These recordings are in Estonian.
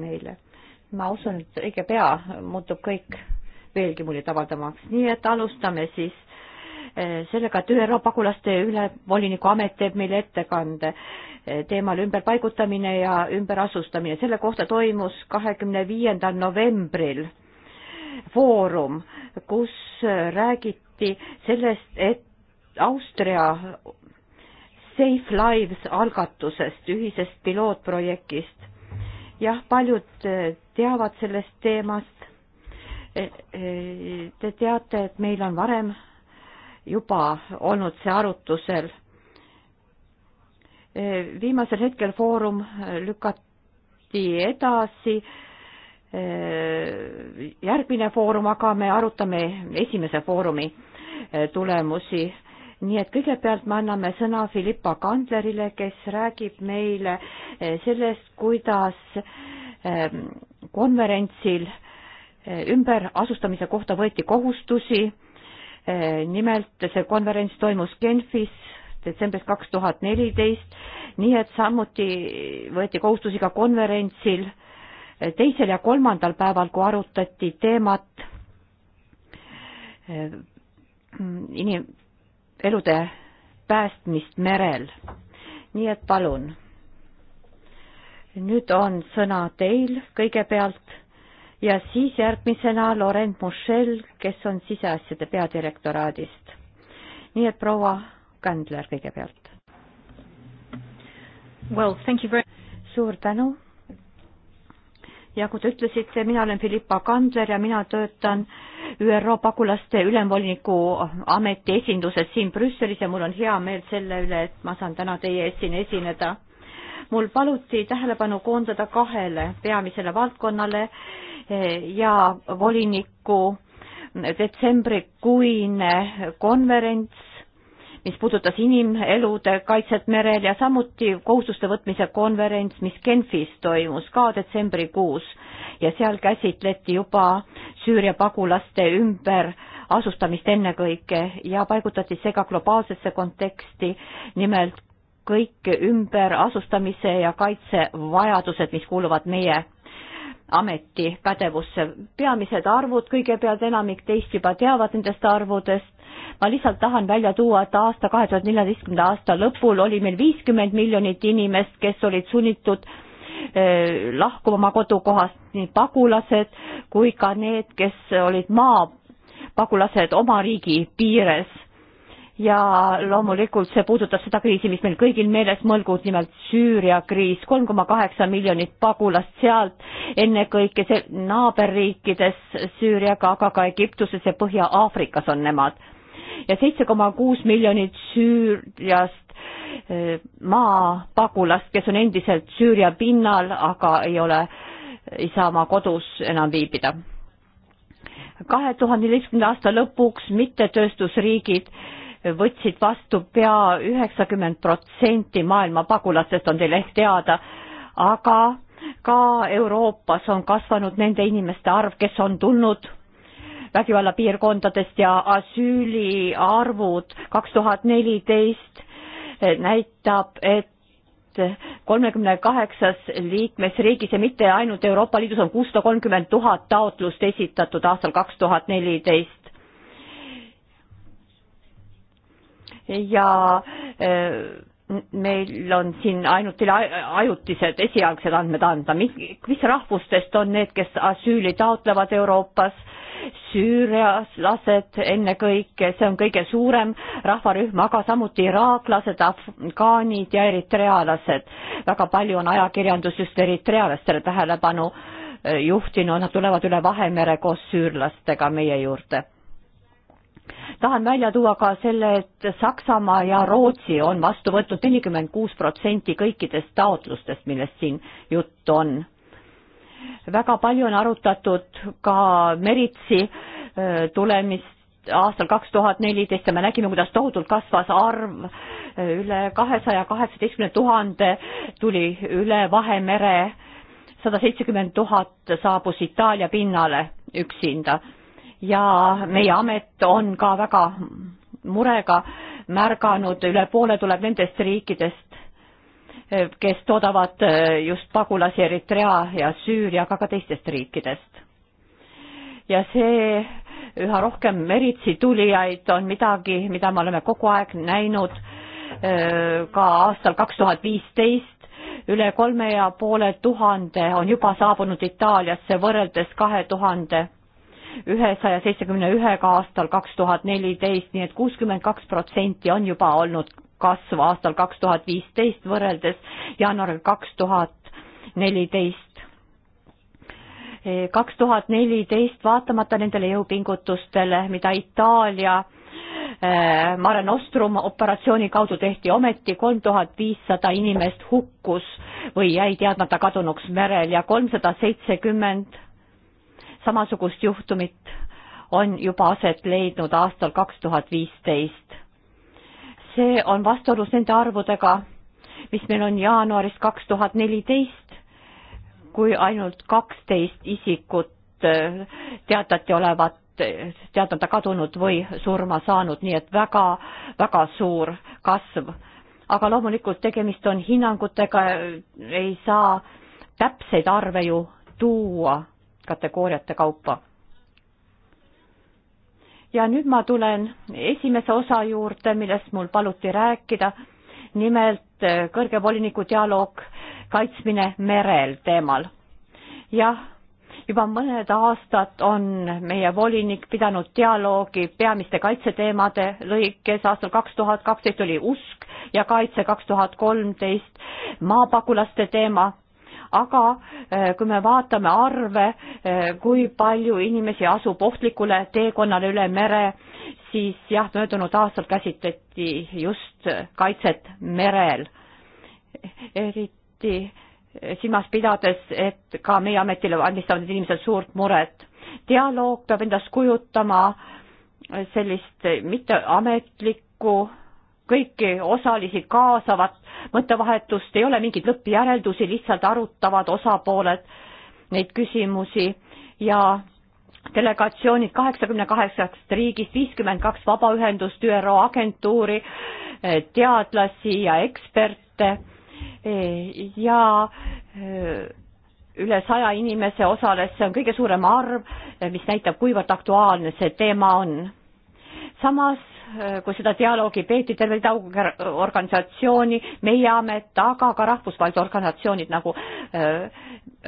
meeldib meile. ma usun, et õige pea muutub kõik veelgi muljetavaldavamaks, nii et alustame siis eh, sellega, et ÜRO pagulaste ülevoliniku amet teeb meile ettekande eh, teemal ümberpaigutamine ja ümberasustamine. selle kohta toimus kahekümne viiendal novembril foorum, kus räägiti sellest, et Austria Safe Lives algatusest, ühisest pilootprojektist jah, paljud eh, teavad sellest teemast. Eh, eh, te teate, et meil on varem juba olnud see arutusel. viimasel hetkel foorum lükati edasi. järgmine foorum, aga me arutame esimese foorumi tulemusi nii et kõigepealt me anname sõna Filippa Kandlerile, kes räägib meile eh, sellest, kuidas ehm, konverentsil eh, ümberasustamise kohta võeti kohustusi. Eh, nimelt see konverents toimus Genfis detsembris kaks tuhat neliteist, nii et samuti võeti kohustusi ka konverentsil teisel ja kolmandal päeval, kui arutati teemat inim-, elude päästmist merel. nii et palun. nüüd on sõna teil kõigepealt ja siis järgmisena Laurent Mouchel, kes on siseasjade peadirektoraadist. nii et proua Kandler kõigepealt. Well, thank you very suur tänu ja kui te ütlesite, mina olen Philippa Kandler ja mina töötan ÜRO pagulaste ülemvoliniku ameti esinduses siin Brüsselis ja mul on hea meel selle üle, et ma saan täna teie ees siin esineda. mul paluti tähelepanu koondada kahele peamisele valdkonnale eh, ja voliniku detsembrikuine konverents mis puudutas inimelude kaitset merel ja samuti kohustuste võtmise konverents, mis Genfis toimus ka detsembrikuus ja seal käsitleti juba Süüria pagulaste ümberasustamist ennekõike ja paigutati see ka globaalsesse konteksti, nimelt kõik ümberasustamise ja kaitse vajadused, mis kuuluvad meie ameti pädevusse. peamised arvud, kõigepealt enamik teist juba teavad nendest arvudest. ma lihtsalt tahan välja tuua, et aasta kahe tuhat neljateistkümnenda aasta lõpul oli meil viiskümmend miljonit inimest, kes olid sunnitud eh, lahkuma oma kodukohast, nii pagulased kui ka need, kes olid maapagulased oma riigi piires ja loomulikult see puudutab seda kriisi, mis meil kõigil meeles mõlgub, nimelt Süüria kriis, kolm koma kaheksa miljonit pagulast sealt, ennekõike see naaberriikides Süüriaga, aga ka Egiptuses ja Põhja-Aafrikas on nemad. ja seitse koma kuus miljonit Süüriast eh, maapagulast, kes on endiselt Süüria pinnal, aga ei ole, ei saa oma kodus enam viibida kahe tuhande neljateistkümnenda aasta lõpuks mittetööstusriigid äh, võtsid vastu pea üheksakümmend protsenti maailma pagulastest, on teile ehk teada, aga ka Euroopas on kasvanud nende inimeste arv, kes on tulnud vägivallapiirkondadest ja asüüli arvud kaks tuhat neliteist näitab, et kolmekümne kaheksas liikmesriigis ja mitte ainult Euroopa Liidus on kuussada kolmkümmend tuhat taotlust esitatud aastal kaks tuhat neliteist ja e, meil on siin ainult teile ajutised esialgsed andmed anda, mis rahvustest on need, kes asüüli taotlevad Euroopas, süürialased ennekõike, see on kõige suurem rahvarühm, aga samuti iraaklased, afgaanid ja eritrealased. väga palju on ajakirjandus just eritrealastele tähelepanu e, juhtinud, nad tulevad üle Vahemere koos süürlastega meie juurde tahan välja tuua ka selle, et Saksamaa ja Rootsi on vastu võtnud nelikümmend kuus protsenti kõikidest taotlustest, millest siin juttu on. väga palju on arutatud ka Meritsi äh, tulemist aastal kaks tuhat neliteist ja me nägime, kuidas tohutult kasvas arv, äh, üle kahesaja kaheksateistkümne tuhande tuli üle Vahemere, sada seitsekümmend tuhat saabus Itaalia pinnale üksinda ja meie amet on ka väga murega märganud, üle poole tuleb nendest riikidest, kes toodavad eh, just pagulasi Eritrea ja Süüriaga ka teistest riikidest. ja see üha rohkem meritsi tulijaid on midagi, mida me oleme kogu aeg näinud eh, ka aastal kaks tuhat viisteist, üle kolme ja poole tuhande on juba saabunud Itaaliasse võrreldes kahe tuhande ühesaja seitsmekümne ühega aastal kaks tuhat neliteist, nii et kuuskümmend kaks protsenti on juba olnud kasv aastal kaks tuhat viisteist võrreldes jaanuariga kaks tuhat neliteist kaks tuhat neliteist, vaatamata nendele jõupingutustele, mida Itaalia äh, Mare Nostrum operatsiooni kaudu tehti, ometi kolm tuhat viissada inimest hukkus või jäi teadmata kadunuks merel ja kolmsada seitsekümmend samasugust juhtumit on juba aset leidnud aastal kaks tuhat viisteist. see on vastuolus nende arvudega, mis meil on jaanuaris kaks tuhat neliteist, kui ainult kaksteist isikut eh, teatati olevat eh, teadmata kadunud või surma saanud, nii et väga, väga suur kasv. aga loomulikult tegemist on hinnangutega, eh, ei saa täpseid arve ju tuua kategooriate kaupa. ja nüüd ma tulen esimese osa juurde, millest mul paluti rääkida, nimelt eh, kõrge voliniku dialoog kaitsmine merel teemal. jah, juba mõned aastad on meie volinik pidanud dialoogi peamiste kaitseteemade lõikes, aastal kaks tuhat kaksteist oli usk ja kaitse kaks tuhat kolmteist maapagulaste teema aga eh, kui me vaatame arve, eh, kui palju inimesi asub ohtlikule teekonnale üle mere, siis jah, möödunud aastal käsitleti just kaitset merel. eriti silmas pidades, et ka meie ametile valmistavad inimesed suurt muret. dialoog peab endast kujutama sellist mitteametlikku kõiki osalisi kaasavat mõttevahetust, ei ole mingeid lõppjäreldusi, lihtsalt arutavad osapooled neid küsimusi ja delegatsioonid kaheksakümne kaheksast riigist, viiskümmend kaks vabaühendust, ÜRO agentuuri, eh, teadlasi ja eksperte eh, ja eh, üle saja inimese osales, see on kõige suurem arv, mis näitab, kuivõrd aktuaalne see teema on. samas Äh, kui seda dialoogi peeti, terve rida organisatsiooni, meie amet, aga ka rahvusvahelised organisatsioonid nagu äh,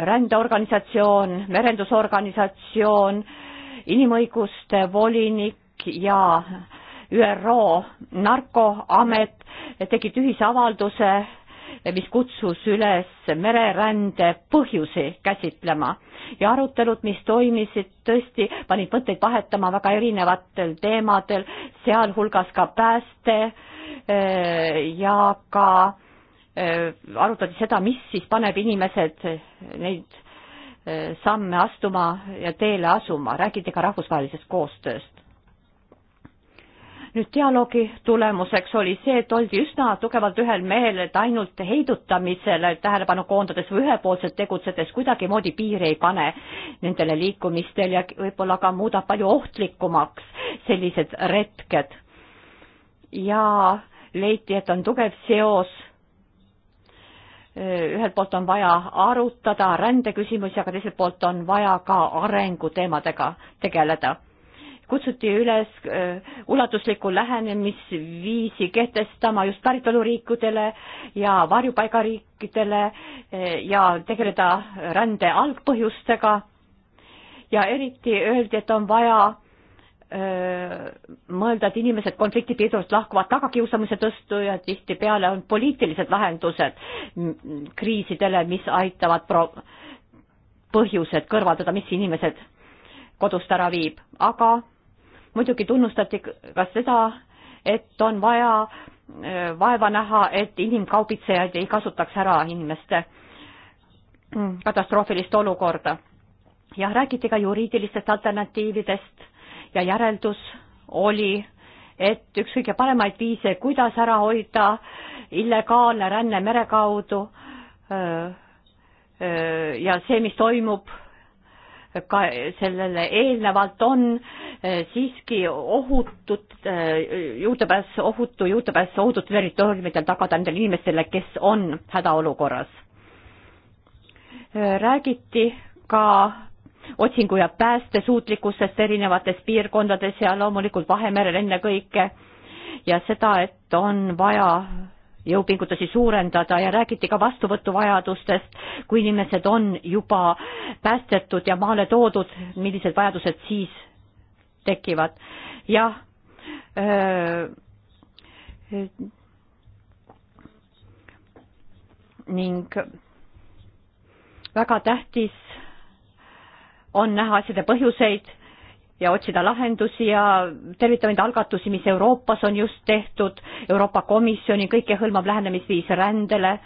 rändeorganisatsioon, merendusorganisatsioon, inimõiguste volinik ja ÜRO narkoamet tegid ühisavalduse mis kutsus üles mererände põhjusi käsitlema ja arutelud, mis toimisid, tõesti panid mõtteid vahetama väga erinevatel teemadel, sealhulgas ka pääste eh, ja ka eh, arutati seda, mis siis paneb inimesed eh, neid samme astuma ja teele asuma, räägiti ka rahvusvahelisest koostööst nüüd dialoogi tulemuseks oli see, et oldi üsna tugevalt ühel mehel, et ainult heidutamisele tähelepanu koondades või ühepoolselt tegutsedes kuidagimoodi piiri ei pane nendele liikumistel ja võib-olla ka muudab palju ohtlikumaks sellised retked. ja leiti, et on tugev seos ühelt poolt on vaja arutada rändeküsimusi, aga teiselt poolt on vaja ka arenguteemadega tegeleda kutsuti üles äh, ulatuslikku lähenemisviisi kehtestama just päritoluriikidele ja varjupaigariikidele äh, ja tegeleda rände algpõhjustega. ja eriti öeldi, et on vaja äh, mõelda, et inimesed konfliktipiirkonnast lahkuvad tagakiusamise tõttu ja tihtipeale on poliitilised lahendused kriisidele, mis aitavad pro-, põhjused kõrvaldada, mis inimesed kodust ära viib, aga muidugi tunnustati ka seda, et on vaja äh, vaeva näha, et inimkaubitsejad ei kasutaks ära inimeste mm, katastroofilist olukorda. jah, räägiti ka juriidilistest alternatiividest ja järeldus oli, et üks kõige paremaid viise, kuidas ära hoida illegaalne ränne mere kaudu öö, äh, öö, äh, ja see, mis toimub ka sellele eelnevalt on eh, siiski ohutut eh, juurdepääs, ohutu juurdepääs ohutud territooriumidel tagada nendele inimestele, kes on hädaolukorras. Eh, räägiti ka otsingu ja päästesuutlikkusest erinevates piirkondades ja loomulikult Vahemerel ennekõike ja seda, et on vaja jõupingutusi suurendada ja räägiti ka vastuvõtuvajadustest, kui inimesed on juba päästetud ja maale toodud, millised vajadused siis tekivad. jah äh,. ning väga tähtis on näha asjade põhjuseid ja otsida lahendusi ja tervitame neid algatusi, mis Euroopas on just tehtud, Euroopa Komisjoni kõikehõlmav lähenemisviis rändele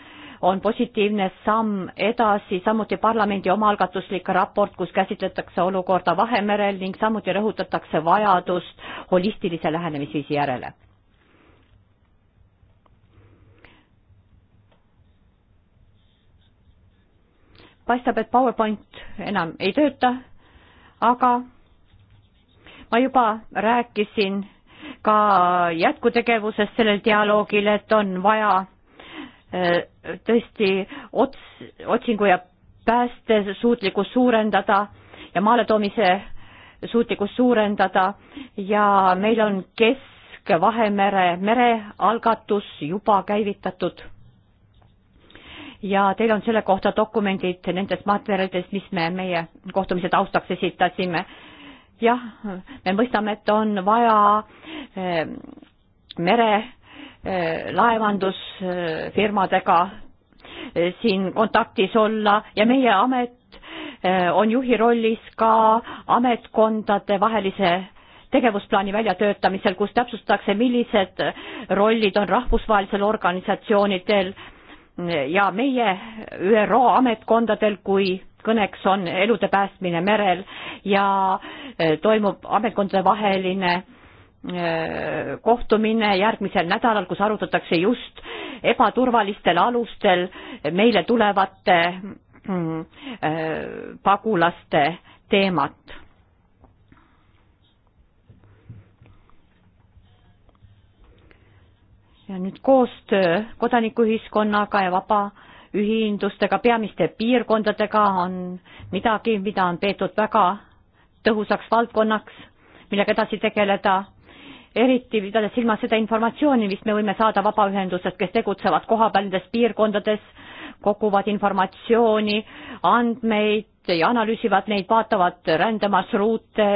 on positiivne samm edasi, samuti parlamendi omaalgatuslik raport, kus käsitletakse olukorda Vahemerel ning samuti rõhutatakse vajadust holistilise lähenemisviisi järele. paistab, et PowerPoint enam ei tööta, aga ma juba rääkisin ka jätkutegevusest sellel dialoogil, et on vaja e, tõesti ots-, otsingu ja pääste suutlikkust suurendada ja maaletoomise suutlikkust suurendada ja meil on Kesk-Vahemere merealgatus juba käivitatud. ja teil on selle kohta dokumendid nendest materjalidest, mis me meie kohtumise taustaks esitasime jah, me mõistame, et on vaja ehm, merelaevandusfirmadega ehm, ehm, siin kontaktis olla ja meie amet on juhi rollis ka ametkondade vahelise tegevusplaani väljatöötamisel, kus täpsustatakse, millised rollid on rahvusvahelisel organisatsioonidel ja meie ÜRO ametkondadel kui kõneks on elude päästmine merel ja e, toimub ametkondade vaheline e, kohtumine järgmisel nädalal, kus arutatakse just ebaturvalistel alustel meile tulevate mm, e, pagulaste teemat. ja nüüd koostöö kodanikuühiskonnaga ja vaba ühendustega, peamiste piirkondadega on midagi, mida on peetud väga tõhusaks valdkonnaks, millega edasi tegeleda, eriti pidades silmas seda informatsiooni, mis me võime saada vabaühendustest, kes tegutsevad kohapeal nendes piirkondades, koguvad informatsiooni, andmeid, ja analüüsivad neid, vaatavad rändemarsruute,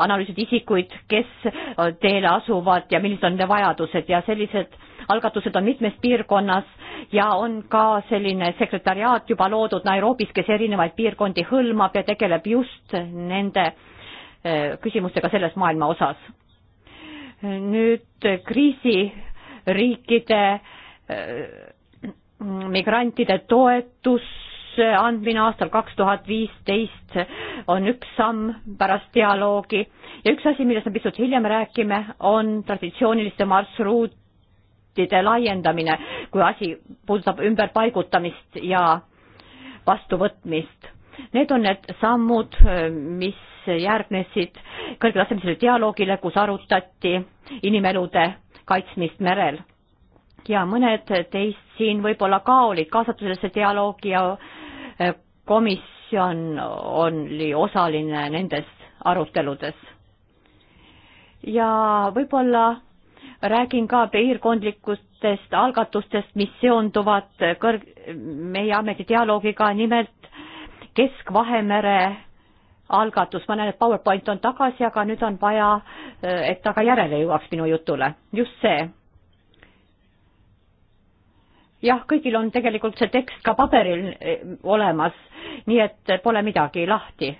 analüüsivad isikuid, kes teele asuvad ja millised on nende vajadused ja sellised algatused on mitmes piirkonnas ja on ka selline sekretariaat juba loodud Nairobis, kes erinevaid piirkondi hõlmab ja tegeleb just nende eh, küsimustega selles maailma osas. nüüd kriisiriikide eh, migrantide toetus toetuse andmine aastal kaks tuhat viisteist on üks samm pärast dialoogi ja üks asi, millest me pisut hiljem räägime, on traditsiooniliste marsruutide laiendamine, kui asi puudutab ümberpaigutamist ja vastuvõtmist. Need on need sammud, mis järgnesid kõrgetasemelisele dialoogile, kus arutati inimelude kaitsmist merel ja mõned teist siin võib-olla ka olid kaasatud sellesse dialoogi ja komisjon oli osaline nendes aruteludes. ja võib-olla räägin ka piirkondlikutest algatustest, mis seonduvad kõrg-, meie ametidialoogiga, nimelt Kesk-Vahemere algatus, ma näen, et PowerPoint on tagasi, aga nüüd on vaja, et ta ka järele jõuaks minu jutule, just see jah, kõigil on tegelikult see tekst ka paberil eh, olemas, nii et pole midagi lahti.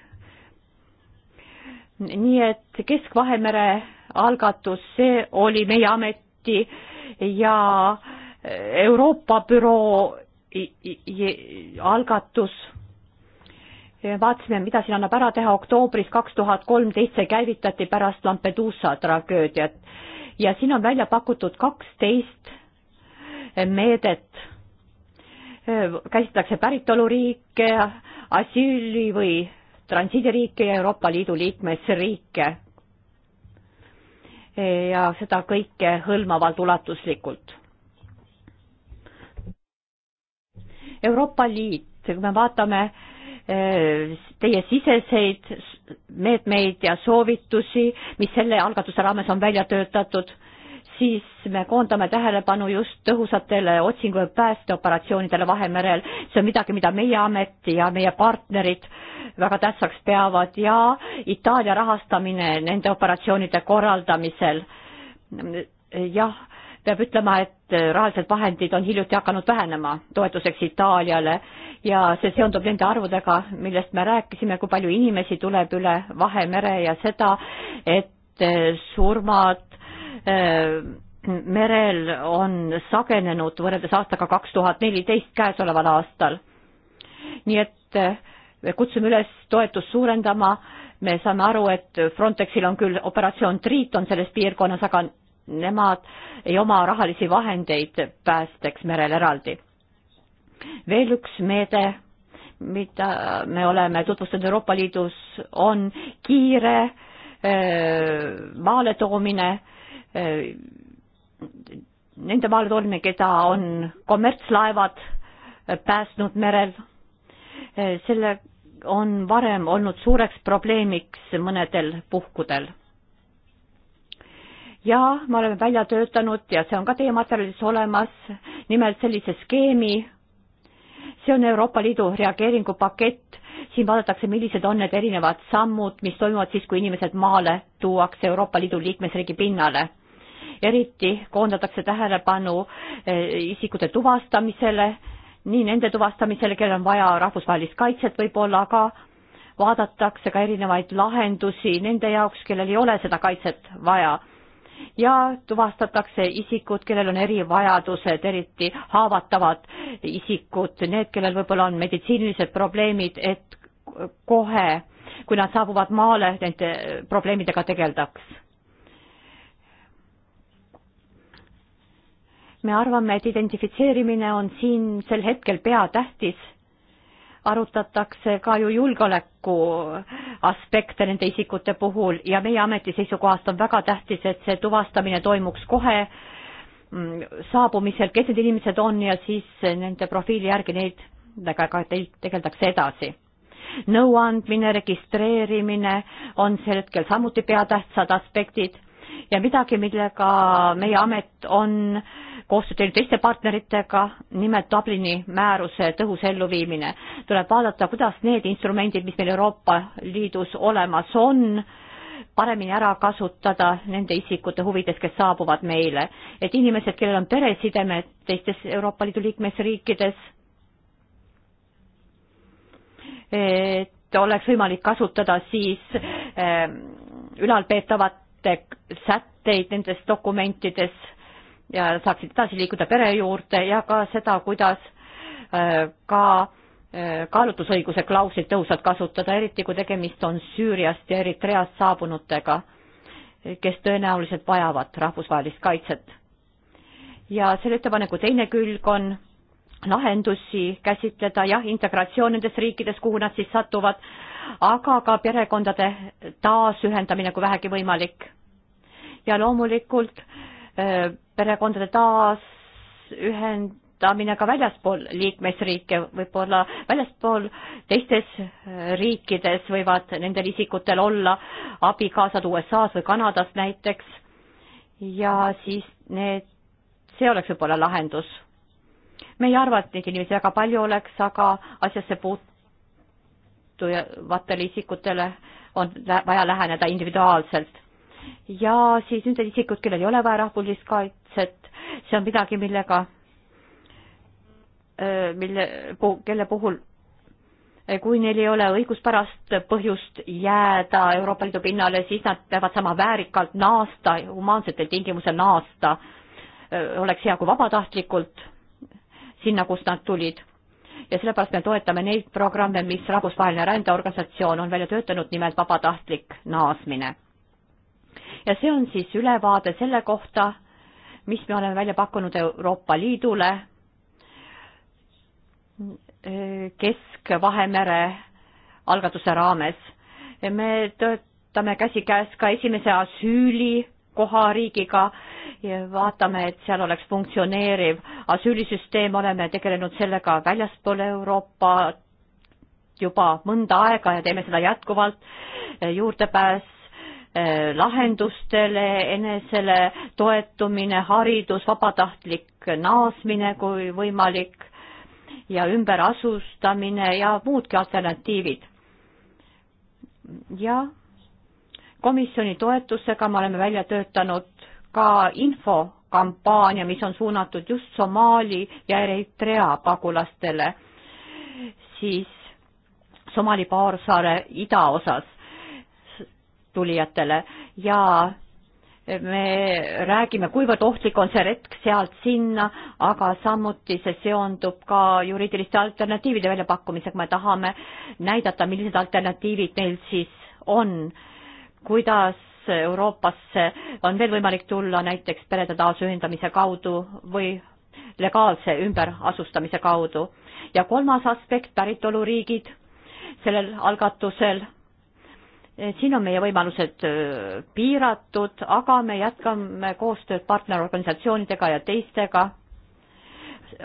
nii et Kesk-Vahemere algatus, see oli meie ameti ja eh, Euroopa büroo algatus. vaatasime, mida siin annab ära teha, oktoobris kaks tuhat kolmteist see käivitati pärast Lampeduusa tragöödiat ja siin on välja pakutud kaksteist meedet käsitletakse päritoluriike, asüüli või transiidiriike ja Euroopa Liidu liikmesriike. ja seda kõike hõlmavalt ulatuslikult. Euroopa Liit, kui me vaatame eh, teie siseseid meetmeid ja soovitusi, mis selle algatuse raames on välja töötatud, siis me koondame tähelepanu just tõhusatele otsingu- ja päästeoperatsioonidele Vahemerel. see on midagi, mida meie amet ja meie partnerid väga tähtsaks peavad ja Itaalia rahastamine nende operatsioonide korraldamisel. jah, peab ütlema, et rahalised vahendid on hiljuti hakanud vähenema toetuseks Itaaliale ja see seondub nende arvudega, millest me rääkisime, kui palju inimesi tuleb üle Vahemere ja seda, et surmad Äh, merel on sagenenud võrreldes aastaga kaks tuhat neliteist käesoleval aastal. nii et me äh, kutsume üles toetust suurendama, me saame aru, et Frontexil on küll operatsioon Triiton selles piirkonnas, aga nemad ei oma rahalisi vahendeid päästeks merel eraldi. veel üks meede, mida me oleme tutvustanud Euroopa Liidus, on kiire äh, maale toomine äh, Äh, nende maale toomine, keda on kommertslaevad äh, päästnud merel. Äh, selle on varem olnud suureks probleemiks mõnedel puhkudel. ja me oleme välja töötanud ja see on ka teie materjalis olemas, nimelt sellise skeemi. see on Euroopa Liidu reageeringupakett, siin vaadatakse, millised on need erinevad sammud, mis toimuvad siis, kui inimesed maale tuuakse Euroopa Liidu liikmesriigi pinnale eriti koondatakse tähelepanu eh, isikute tuvastamisele, nii nende tuvastamisele, kellel on vaja rahvusvahelist kaitset võib-olla, aga vaadatakse ka erinevaid lahendusi nende jaoks, kellel ei ole seda kaitset vaja. ja tuvastatakse isikud, kellel on erivajadused, eriti haavatavad isikud, need, kellel võib-olla on meditsiinilised probleemid, et kohe, kui nad saabuvad maale, nende probleemidega tegeldaks me arvame, et identifitseerimine on siin sel hetkel peatähtis. arutatakse ka ju julgeoleku aspekte nende isikute puhul ja meie ameti seisukohast on väga tähtis, et see tuvastamine toimuks kohe mm, saabumisel, kes need inimesed on ja siis nende profiili järgi neid nendega tegeldakse edasi. nõuandmine, registreerimine on sel hetkel samuti peatähtsad aspektid ja midagi, millega meie amet on äh, koostööd teinud teiste partneritega, nimelt Dublini määruse tõhus elluviimine. tuleb vaadata, kuidas need instrumendid, mis meil Euroopa Liidus olemas on, paremini ära kasutada nende isikute huvides, kes saabuvad meile. et inimesed, kellel on peresidemed teistes Euroopa Liidu liikmesriikides, et oleks võimalik kasutada siis ähm, ülalpeetavate sätteid nendes dokumentides ja saaksid edasi liikuda pere juurde ja ka seda, kuidas äh, ka äh, kaalutlusõiguse klauslit tõhusalt kasutada, eriti kui tegemist on Süüriast ja Eritreast saabunutega, kes tõenäoliselt vajavad rahvusvahelist kaitset. ja selle ettepaneku teine külg on lahendusi käsitleda, jah, integratsioon nendes riikides, kuhu nad siis satuvad, aga ka perekondade taasühendamine, kui vähegi võimalik. ja loomulikult äh, perekondade taasühendamine ka väljaspool liikmesriike, võib-olla väljaspool teistes riikides võivad nendel isikutel olla abikaasad USA-s või Kanadas näiteks ja siis need, see oleks võib-olla lahendus. me ei arva, et neid inimesi väga palju oleks, aga asjasse puutuvatele isikutele on vaja läheneda individuaalselt ja siis nendel isikud, kellel ei ole vaja rahvusvahelist kaitset, see on midagi, millega, mille, kelle puhul e, kui neil ei ole õiguspärast põhjust jääda Euroopa Liidu pinnale, siis nad peavad sama väärikalt naasta, humaansetel tingimusel naasta. oleks hea, kui vabatahtlikult sinna, kust nad tulid. ja sellepärast me toetame neid programme, mis Rahvusvaheline Rändeorganisatsioon on välja töötanud, nimelt vabatahtlik naasmine ja see on siis ülevaade selle kohta, mis me oleme välja pakkunud Euroopa Liidule Kesk-Vahemere algatuse raames. me töötame käsikäes ka esimese asüüli kohariigiga ja vaatame, et seal oleks funktsioneeriv asüülisüsteem, oleme tegelenud sellega väljaspool Euroopat juba mõnda aega ja teeme seda jätkuvalt. juurdepääs Äh, lahendustele, enesele toetumine, haridus, vabatahtlik naasmine, kui võimalik ja ümberasustamine ja muudki alternatiivid. ja komisjoni toetusega me oleme välja töötanud ka infokampaania, mis on suunatud just Somaali ja Eritrea pagulastele, siis Somali poolsaare idaosas tulijatele ja me räägime, kuivõrd ohtlik on see retk sealt sinna, aga samuti see seondub ka juriidiliste alternatiivide väljapakkumisega, me tahame näidata, millised alternatiivid neil siis on, kuidas Euroopasse on veel võimalik tulla näiteks perede taasühendamise kaudu või legaalse ümberasustamise kaudu. ja kolmas aspekt, päritoluriigid sellel algatusel siin on meie võimalused piiratud, aga me jätkame koostööd partnerorganisatsioonidega ja teistega,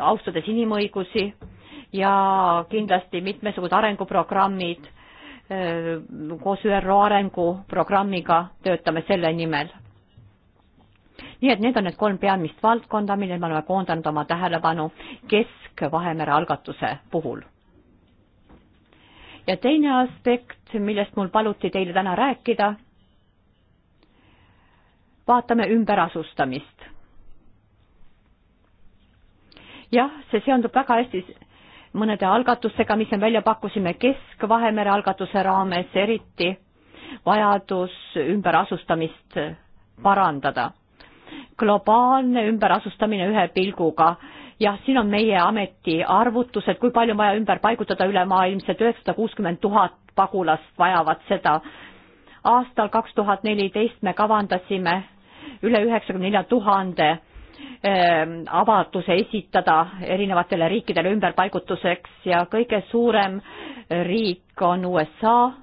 austades inimõigusi ja kindlasti mitmesugused arenguprogrammid koos ÜRO arenguprogrammiga töötame selle nimel. nii et need on need kolm peamist valdkonda, millele me oleme koondanud oma tähelepanu Kesk-Vahemere algatuse puhul ja teine aspekt, millest mul paluti teile täna rääkida, vaatame ümberasustamist. jah, see seondub väga hästi mõnede algatustega, mis me välja pakkusime Kesk-Vahemere algatuse raames, eriti vajadus ümberasustamist parandada. globaalne ümberasustamine ühe pilguga jah, siin on meie ameti arvutused, kui palju on vaja ümber paigutada ülemaailmselt, üheksasada kuuskümmend tuhat pagulast vajavad seda. aastal kaks tuhat neliteist me kavandasime üle üheksakümne nelja tuhande ehm, avalduse esitada erinevatele riikidele ümberpaigutuseks ja kõige suurem riik on USA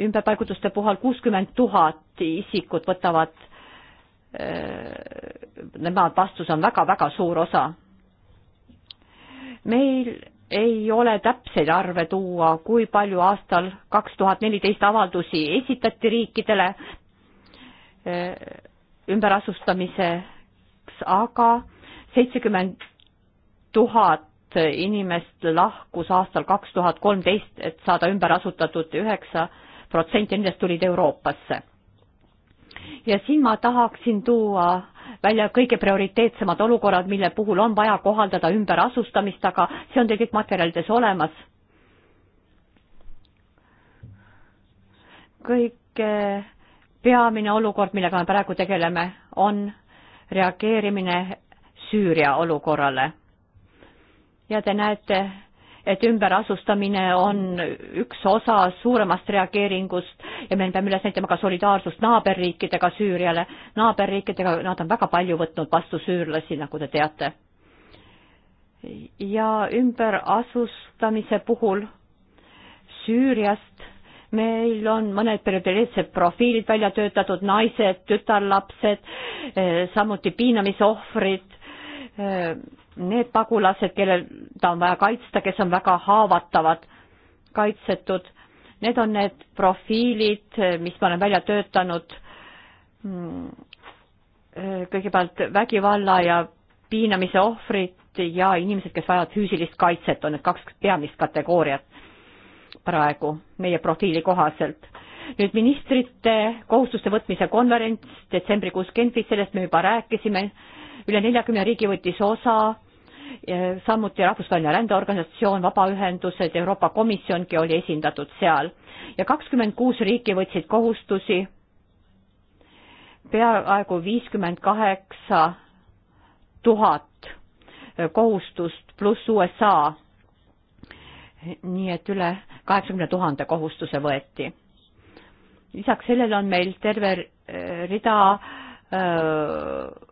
ümberpaigutuste puhul kuuskümmend tuhat isikut võtavad nemad vastus on väga-väga suur osa. meil ei ole täpseid arve tuua, kui palju aastal kaks tuhat neliteist avaldusi esitati riikidele ümberasustamiseks, aga seitsekümmend tuhat inimest lahkus aastal kaks tuhat kolmteist, et saada ümber asutatud, üheksa protsenti nendest tulid Euroopasse ja siin ma tahaksin tuua välja kõige prioriteetsemad olukorrad, mille puhul on vaja kohaldada ümberasustamist, aga see on teil kõik materjalides olemas. kõige peamine olukord, millega me praegu tegeleme, on reageerimine Süüria olukorrale. ja te näete et ümberasustamine on üks osa suuremast reageeringust ja me peame üles näitama ka solidaarsust naaberriikidega Süüriale. naaberriikidega, nad on väga palju võtnud vastu süürlasi, nagu te teate. ja ümberasustamise puhul Süüriast meil on mõned privileegilised profiilid välja töötatud, naised, tütarlapsed, eh, samuti piinamise ohvrid eh, need pagulased, kellel ta on vaja kaitsta, kes on väga haavatavad, kaitsetud, need on need profiilid, mis ma olen välja töötanud mm, kõigepealt vägivalla ja piinamise ohvrid ja inimesed, kes vajavad füüsilist kaitset, on need kaks peamist kategooriat praegu meie profiili kohaselt. nüüd ministrite kohustuste võtmise konverents detsembrikuus Genfis, sellest me juba rääkisime, üle neljakümne riigi võttis osa, samuti Rahvusvaheline Rändeorganisatsioon, vabaühendused, Euroopa Komisjongi oli esindatud seal ja kakskümmend kuus riiki võtsid kohustusi. peaaegu viiskümmend kaheksa tuhat kohustust pluss USA. nii et üle kaheksakümne tuhande kohustuse võeti. lisaks sellele on meil terve rida öö, äh,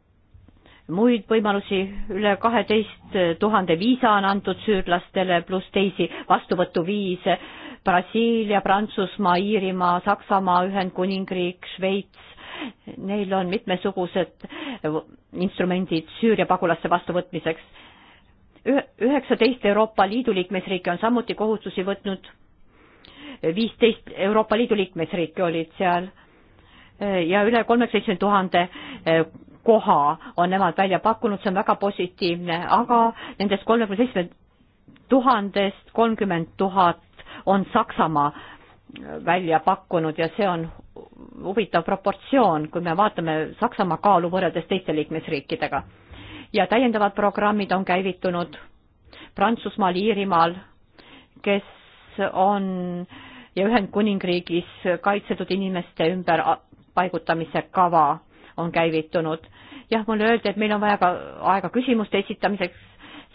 muid võimalusi, üle kaheteist tuhande viisa on antud süürlastele, pluss teisi vastuvõtuviise, Brasiilia, Prantsusmaa, Iirimaa, Saksamaa, Ühendkuningriik, Šveits, neil on mitmesugused instrumendid Süüria pagulaste vastuvõtmiseks. üheksateist Euroopa Liidu liikmesriiki on samuti kohustusi võtnud, viisteist Euroopa Liidu liikmesriiki olid seal ja üle kolmekümne seitsme tuhande koha on nemad välja pakkunud, see on väga positiivne, aga nendest kolmekümne seitsme tuhandest kolmkümmend tuhat on Saksamaa välja pakkunud ja see on huvitav proportsioon, kui me vaatame Saksamaa kaalu võrreldes teiste liikmesriikidega. ja täiendavad programmid on käivitunud Prantsusmaal, Iirimaal, kes on ja Ühendkuningriigis kaitsetud inimeste ümberpaigutamise kava on käivitunud. jah, mulle öeldi, et meil on vaja ka aega küsimuste esitamiseks,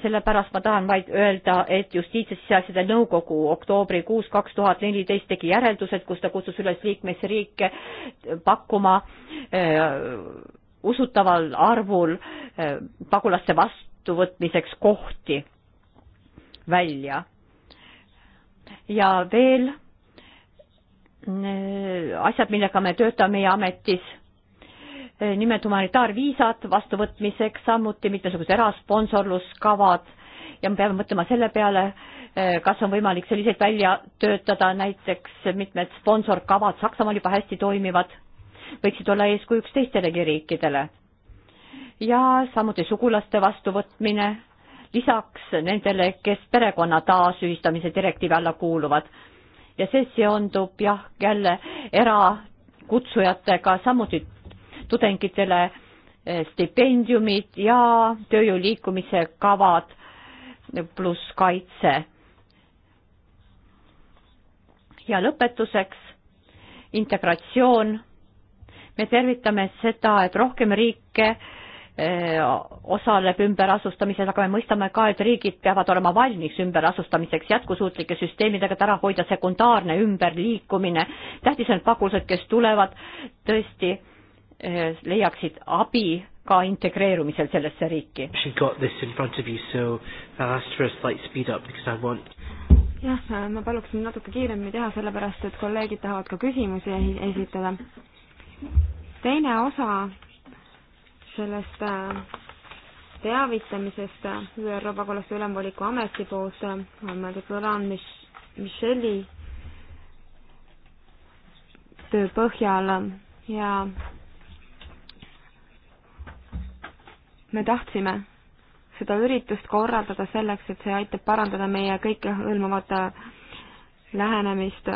sellepärast ma tahan vaid öelda, et Justiits- ja Siseasjade Nõukogu oktoobrikuus kaks tuhat neliteist tegi järeldused, kus ta kutsus üles liikmesriike pakkuma äh, usutaval arvul äh, pagulaste vastuvõtmiseks kohti välja. ja veel äh, asjad, millega me töötame meie ametis Eh, nimelt humanitaarviisad vastuvõtmiseks, samuti mitmesugused erasponsorluskavad ja me peame mõtlema selle peale, eh, kas on võimalik selliseid välja töötada, näiteks mitmed sponsorkavad Saksamaal juba hästi toimivad, võiksid olla eeskujuks teistelegi riikidele. ja samuti sugulaste vastuvõtmine, lisaks nendele, kes perekonna taasühistamise direktiivi alla kuuluvad. ja see seondub jah, jälle erakutsujatega, samuti tudengitele eh, stipendiumid ja tööjõu liikumise kavad pluss kaitse. ja lõpetuseks integratsioon. me tervitame seda, et rohkem riike eh, osaleb ümberasustamises, aga me mõistame ka, et riigid peavad olema valmis ümberasustamiseks jätkusuutlike süsteemidega, et ära hoida sekundaarne ümberliikumine. tähtis on, et pagulased, kes tulevad, tõesti Eh, leiaksid abi ka integreerumisel sellesse riiki. jah, äh, ma paluksin natuke kiiremini teha, sellepärast et kolleegid tahavad ka küsimusi esitada. teine osa sellest äh, teavitamisest äh, ÜRO pagulaste ülemvoliku ameti poolt on mõeldud Roland Micheli töö põhjal ja me tahtsime seda üritust korraldada selleks, et see aitab parandada meie kõikehõlmavat lähenemist.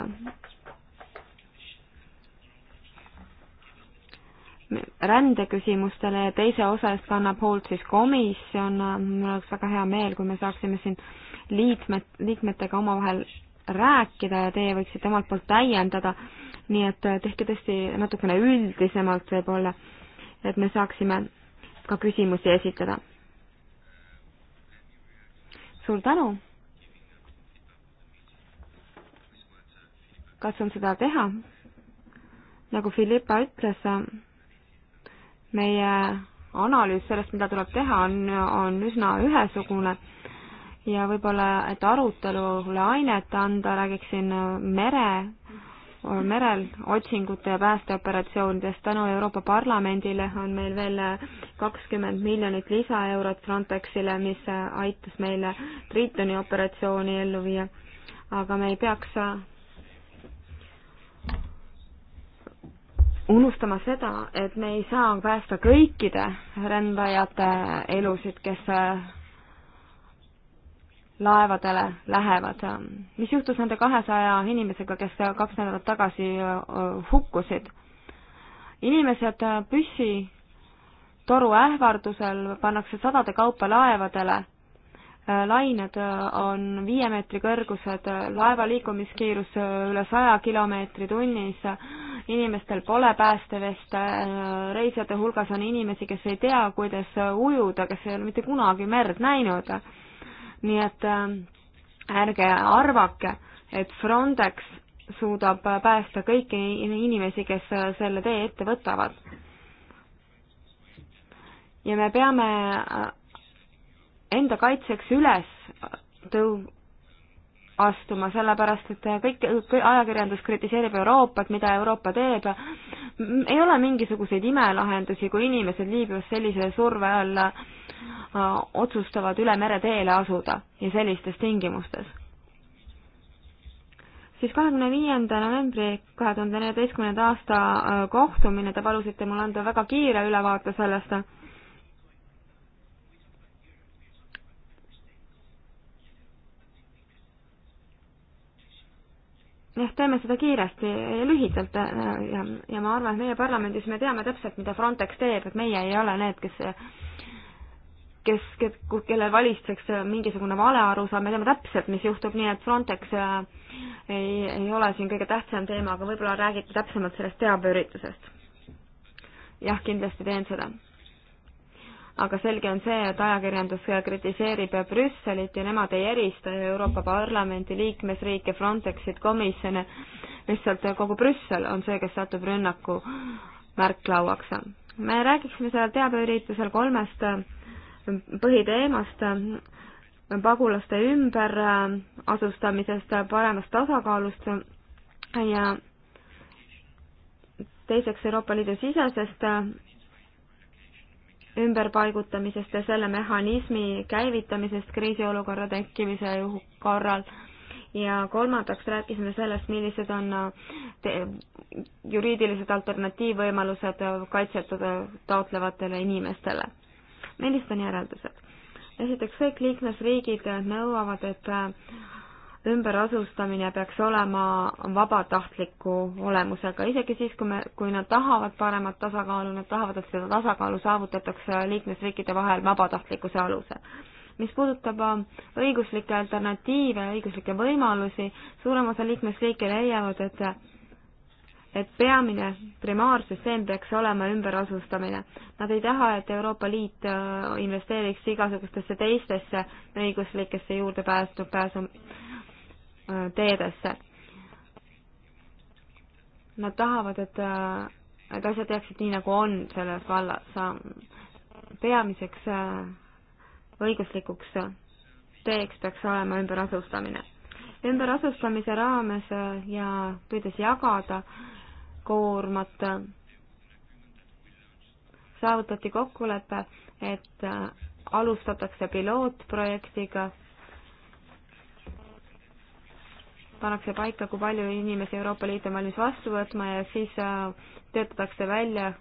rändeküsimustele ja teise osa eest kannab hoolt siis komisjon, mul oleks väga hea meel, kui me saaksime siin liikmed, liikmetega omavahel rääkida ja teie võiksite omalt poolt täiendada, nii et tehke tõesti natukene üldisemalt võib-olla, et me saaksime ka küsimusi esitada. suur tänu. katsun seda teha. nagu Philippa ütles, meie analüüs sellest, mida tuleb teha, on, on üsna ühesugune ja võib-olla, et arutelule ainet anda, räägiksin mere merel otsingute ja päästeoperatsioonides. tänu Euroopa Parlamendile on meil veel kakskümmend miljonit lisaeurot Frontexile, mis aitas meile Tritoni operatsiooni ellu viia. aga me ei peaks unustama seda, et me ei saa päästa kõikide rändajate elusid, kes laevadele lähevad. mis juhtus nende kahesaja inimesega, kes kaks nädalat tagasi hukkusid? inimesed püssi toru ähvardusel pannakse sadade kaupa laevadele. lained on viie meetri kõrgused, laeva liikumiskiirus üle saja kilomeetri tunnis, inimestel pole päästeveste, reisijate hulgas on inimesi, kes ei tea, kuidas ujuda, kes ei ole mitte kunagi merd näinud nii et äh, ärge arvake, et Frontex suudab äh, päästa kõiki inimesi, kes äh, selle tee ette võtavad. ja me peame enda kaitseks üles tõu-, astuma, sellepärast et kõik, kõik, ajakirjandus kritiseerib Euroopat, mida Euroopa teeb, ei ole mingisuguseid imelahendusi, kui inimesed Liibüas sellise surve all Äh, otsustavad üle mere teele asuda ja sellistes tingimustes. siis kahekümne viienda novembri kahe tuhande neljateistkümnenda aasta äh, kohtumine, te palusite mul anda väga kiire ülevaate sellest. jah, teeme seda kiiresti ja lühidalt äh, ja, ja ma arvan, et meie parlamendis me teame täpselt, mida Frontex teeb, et meie ei ole need, kes kes, kes, kellel valitseks äh, mingisugune valearusaam, me teame täpselt, mis juhtub, nii et Frontex äh, ei, ei ole siin kõige tähtsam teema, aga võib-olla räägite täpsemalt sellest teabeüritusest. jah, kindlasti teen seda. aga selge on see, et ajakirjandus kritiseerib Brüsselit ja nemad ei erista Euroopa Parlamendi liikmesriike, Frontexit, komisjone, lihtsalt kogu Brüssel on see, kes satub rünnaku märklauaks. me räägiksime sellel teabeüritusel kolmest põhiteemast, pagulaste ümberasustamisest, paremast tasakaalust ja teiseks Euroopa Liidu sisesest ümberpaigutamisest ja selle mehhanismi käivitamisest kriisiolukorra tekkimise korral ja kolmandaks rääkisime sellest, millised on juriidilised alternatiivvõimalused kaitset taotlevatele inimestele millised on järeldused? esiteks, kõik liikmesriigid nõuavad, et äh, ümberasustamine peaks olema vabatahtliku olemusega, isegi siis, kui me, kui nad tahavad paremat tasakaalu, nad tahavad, et seda tasakaalu saavutatakse liikmesriikide vahel vabatahtlikkuse alusel mis puudutab äh, õiguslikke alternatiive, õiguslikke võimalusi, suurem osa liikmesriike leiavad, et et peamine primaarsusseem peaks olema ümberasustamine. Nad ei taha, et Euroopa Liit äh, investeeriks igasugustesse teistesse õiguslikesse juurdepääsu, pääsu äh, teedesse. Nad tahavad, et, äh, et asjad jääksid nii, nagu on selles vallas. peamiseks õiguslikuks teeks peaks olema ümberasustamine. ümberasustamise raames ja püüdes jagada äh, koormat. saavutati kokkulepe, et alustatakse pilootprojektiga, pannakse paika, kui palju inimesi Euroopa Liit on valmis vastu võtma ja siis äh, töötatakse välja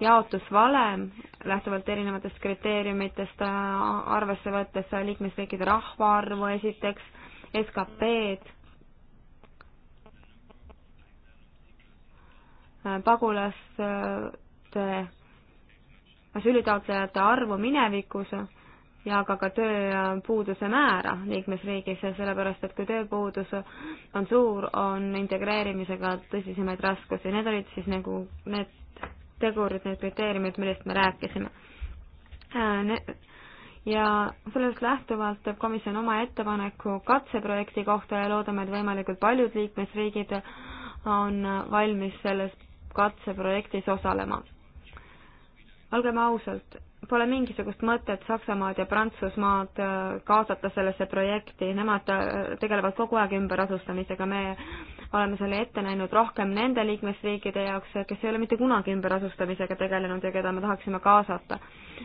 jaotusvalem lähtuvalt erinevatest kriteeriumitest, äh, arvesse võttes liikmesriikide rahvaarvu esiteks, SKP-d, Äh, pagulaste asüülitaotlejate arvu minevikus ja aga ka tööpuuduse määra liikmesriigis, sellepärast et kui tööpuudus on suur, on integreerimisega tõsisemaid raskusi. Need olid siis nagu need tegurid, need kriteeriumid, millest me rääkisime. Äh, ja sellest lähtuvalt teeb komisjon oma ettepaneku katseprojekti kohta ja loodame, et võimalikult paljud liikmesriigid on valmis selles katseprojektis osalema. olgem ausad, pole mingisugust mõtet Saksamaad ja Prantsusmaad äh, kaasata sellesse projekti, nemad äh, tegelevad kogu aeg ümberasustamisega, me oleme selle ette näinud rohkem nende liikmesriikide jaoks, kes ei ole mitte kunagi ümberasustamisega tegelenud ja keda me tahaksime kaasata.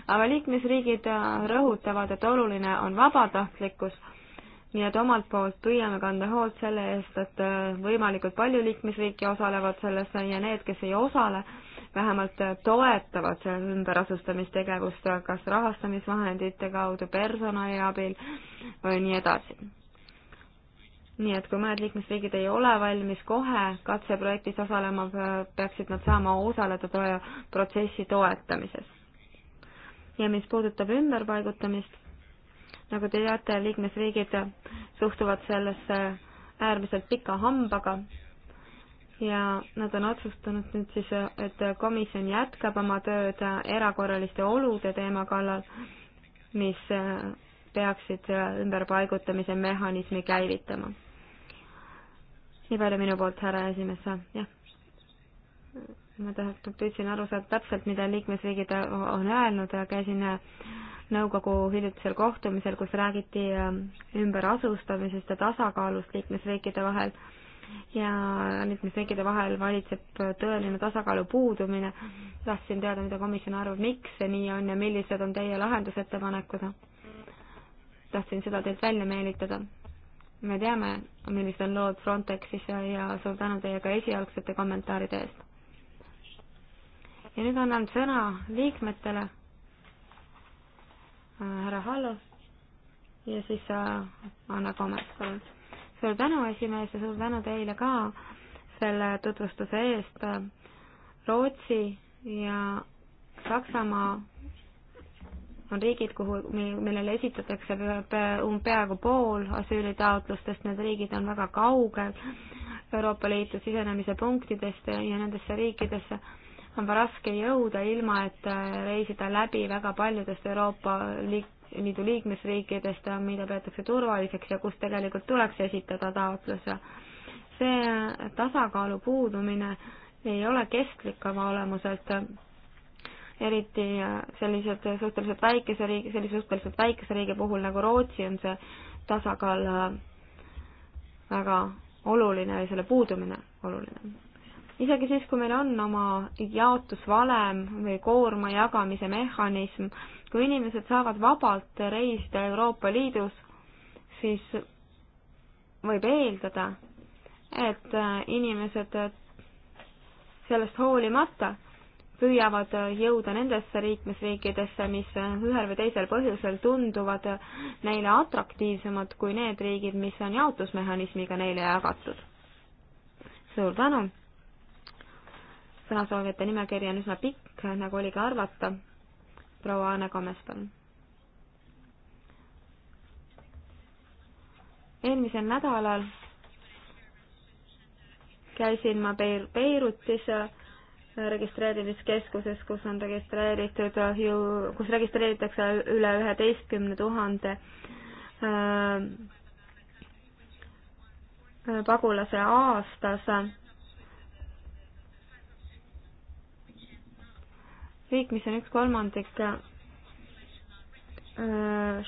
aga liikmesriigid äh, rõhutavad, et oluline on vabatahtlikkus nii et omalt poolt püüame kanda hoolt selle eest, et äh, võimalikult palju liikmesriike osalevad selles ja need, kes ei osale, vähemalt äh, toetavad ümberasustamistegevust kas rahastamisvahendite kaudu, personali abil või nii edasi. nii et kui mõned liikmesriigid ei ole valmis kohe katseprojektis osalema, äh, peaksid nad saama osaleda protsessi toetamises. ja mis puudutab ümberpaigutamist nagu te teate, liikmesriigid suhtuvad sellesse äärmiselt pika hambaga ja nad on otsustanud nüüd siis, et komisjon jätkab oma tööd erakorraliste olude teema kallal, mis peaksid ümberpaigutamise mehhanismi käivitama. nii palju minu poolt, härra esimees, jah. ma tahtsin, püüdsin aru saada täpselt, mida liikmesriigid on öelnud, käisin nõukogu hiljutisel kohtumisel, kus räägiti äh, ümberasustamisest ja tasakaalust liikmesriikide vahel ja liikmesriikide vahel valitseb äh, tõeline tasakaalu puudumine. tahtsin teada, mida komisjon arvab, miks see nii on ja millised on teie lahendusettepanekud. tahtsin seda teilt välja meelitada. me teame, millised on lood Frontexis ja, ja suur tänu teie ka esialgsete kommentaaride eest. ja nüüd annan sõna liikmetele härra Hallo ja siis äh, Anna Komes, palun. suur tänu, esimees, ja suur tänu teile ka selle tutvustuse eest. Rootsi ja Saksamaa on riigid, kuhu, millele esitatakse um-, peaaegu pool asüülitaotlustest, need riigid on väga kaugel Euroopa Liitu sisenemise punktidest ja nendesse riikidesse on ka raske jõuda, ilma et äh, reisida läbi väga paljudest Euroopa liik-, Liidu liikmesriikidest, mida peetakse turvaliseks ja kus tegelikult tuleks esitada taotlus. see äh, tasakaalu puudumine ei ole kestlik oma olemuselt, eriti äh, sellised suhteliselt väikese riigi, sellise suhteliselt väikese riigi puhul nagu Rootsi on see tasakaal väga oluline ja selle puudumine oluline isegi siis, kui meil on oma jaotusvalem või koorma jagamise mehhanism, kui inimesed saavad vabalt reisida Euroopa Liidus, siis võib eeldada, et äh, inimesed äh, sellest hoolimata püüavad äh, jõuda nendesse liikmesriikidesse, mis ühel või teisel põhjusel tunduvad neile atraktiivsemad kui need riigid, mis on jaotusmehhanismiga neile jagatud. suur tänu! sõnasoovijate nimekiri on üsna pikk, nagu oligi arvata. proua Anne Kammes, palun. eelmisel nädalal käisin ma Beir-, Beirutis äh, registreerimiskeskuses, kus on registreeritud ju, kus registreeritakse üle üheteistkümne tuhande äh, äh, pagulase aastas riik, mis on üks kolmandik äh,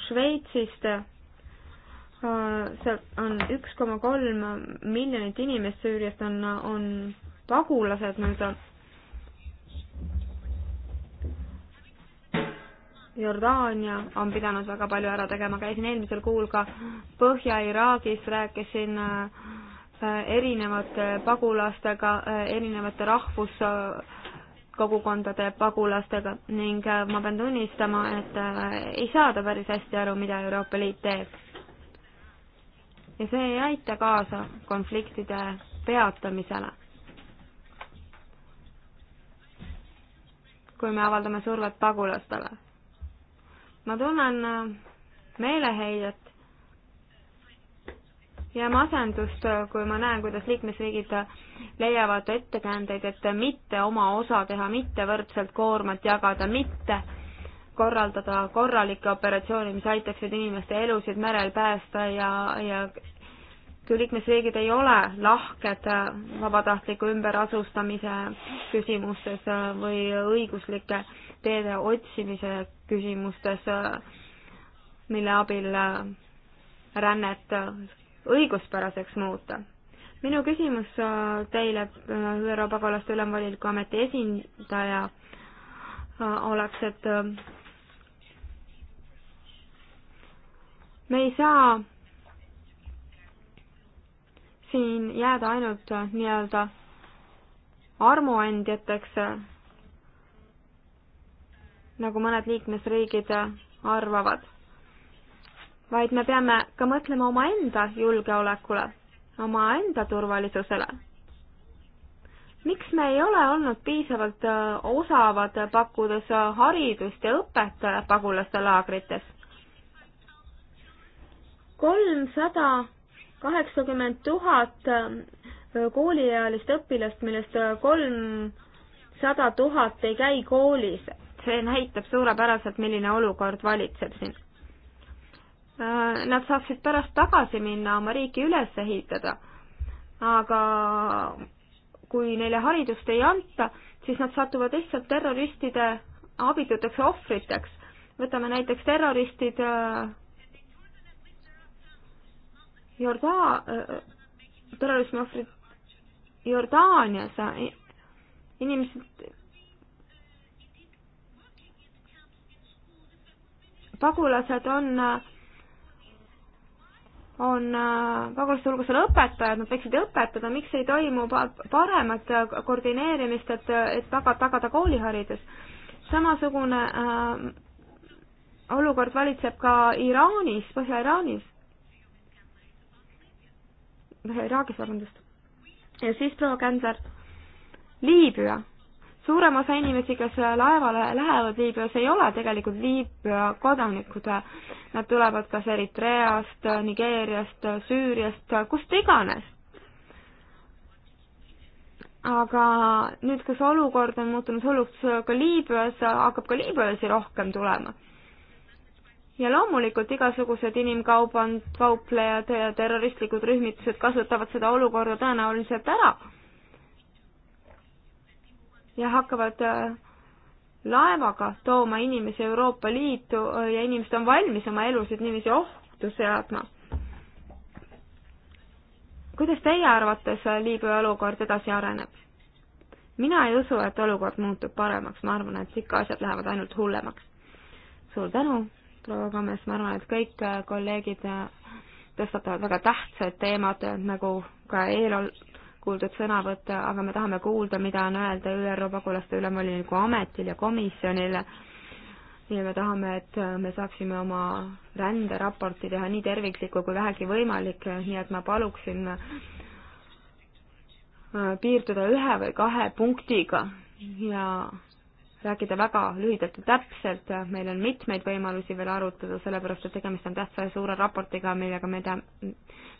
Šveitsist äh, seal on üks koma kolm miljonit inimest Süüriast on, on pagulased nüüd. Jordaania on pidanud väga palju ära tegema, käisin eelmisel kuul ka Põhja-Iraagis, rääkisin äh, erinevate pagulastega, erinevate rahvus- kogukondade pagulastega ning äh, ma pean tunnistama, et äh, ei saada päris hästi aru, mida Euroopa Liit teeb. ja see ei aita kaasa konfliktide peatamisele. kui me avaldame survet pagulastele. ma tunnen äh, meeleheidet ja masendust, kui ma näen, kuidas liikmesriigid leiavad ettekäändeid, et mitte oma osa teha, mitte võrdselt koormat jagada, mitte korraldada korralikke operatsioone, mis aitaksid inimeste elusid merel päästa ja, ja kui liikmesriigid ei ole lahked vabatahtliku ümberasustamise küsimustes või õiguslike teede otsimise küsimustes, mille abil rännet õiguspäraseks muuta. minu küsimus äh, teile, äh, ÜRO pagulaste ülemvoliniku ameti esindaja, äh, oleks, et me ei saa siin jääda ainult nii-öelda armuandjateks, nagu mõned liikmesriigid arvavad vaid me peame ka mõtlema omaenda julgeolekule, omaenda turvalisusele. miks me ei ole olnud piisavalt äh, osavad äh, pakkudes äh, haridust ja õpet pagulaste laagrites? kolmsada kaheksakümmend tuhat kooliealist õpilast, millest kolmsada tuhat ei käi koolis. see näitab suurepäraselt, milline olukord valitseb siin Äh, nad saaksid pärast tagasi minna oma riiki üles ehitada. aga kui neile haridust ei anta, siis nad satuvad lihtsalt terroristide abituteks ohvriteks. võtame näiteks terroristid äh, Jordaa-, äh, terrorismi ohvrid Jordaanias, inimesed pagulased on äh, on äh, pagulaste hulgas veel õpetajad, nad võiksid õpetada, miks ei toimu paremat äh, koordineerimist, et, et taga, tagada kooliharidus. samasugune äh, olukord valitseb ka Iraanis, Põhja-Iraanis. Põhja-Iraagis, vabandust. ja siis proua Kändler, Liibüa suurem osa inimesi, kes laevale lähevad Liibüas, ei ole tegelikult Liibüa kodanikud. Nad tulevad kas Eritreast, Nigeeriast, Süüriast, kust iganes. aga nüüd, kas olukord on muutunud hulluks ka Liibüas, hakkab ka liibüalasi rohkem tulema ja loomulikult igasugused inimkauband, kauplejad ja terroristlikud rühmitused kasutavad seda olukorda tõenäoliselt ära ja hakkavad äh, laevaga tooma inimesi Euroopa Liitu äh, ja inimesed on valmis oma elusid niiviisi ohtu seadma. kuidas teie arvates äh, Liibüa olukord edasi areneb? mina ei usu, et olukord muutub paremaks, ma arvan, et ikka asjad lähevad ainult hullemaks. suur tänu, proua Kammes, ma arvan, et kõik kolleegid tõstatavad väga tähtsad teemad, nagu ka eel-, kuuldud sõnavõtte, aga me tahame kuulda, mida on öelda ÜRO pagulaste ülemvoliniku ametil ja komisjonil. ja me tahame, et me saaksime oma ränderaporti teha nii tervikliku kui vähegi võimalik, nii et ma paluksin äh, piirduda ühe või kahe punktiga ja rääkida väga lühidalt ja täpselt, meil on mitmeid võimalusi veel arutada, sellepärast et tegemist on tähtsa ja suure raportiga, millega me tea,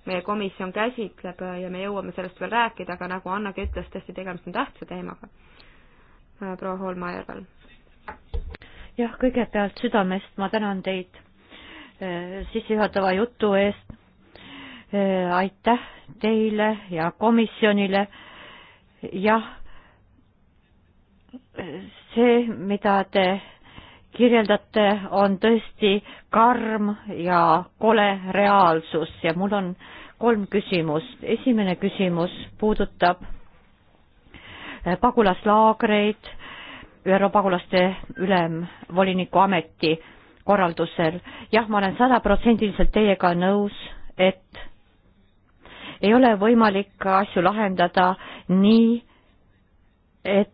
meie komisjon käsitleb ja me jõuame sellest veel rääkida, aga nagu Annagi ütles, tõesti tegemist on tähtsa teemaga. proua Holmaier, palun. jah, kõigepealt südamest ma tänan teid eh, sissejuhatava jutu eest. Eh, aitäh teile ja komisjonile. jah eh, see, mida te kirjeldate, on tõesti karm ja kole reaalsus ja mul on kolm küsimust. esimene küsimus puudutab eh, pagulaslaagreid ÜRO pagulaste ülemvoliniku ameti korraldusel. jah, ma olen sadaprotsendiliselt teiega nõus, et ei ole võimalik asju lahendada nii, et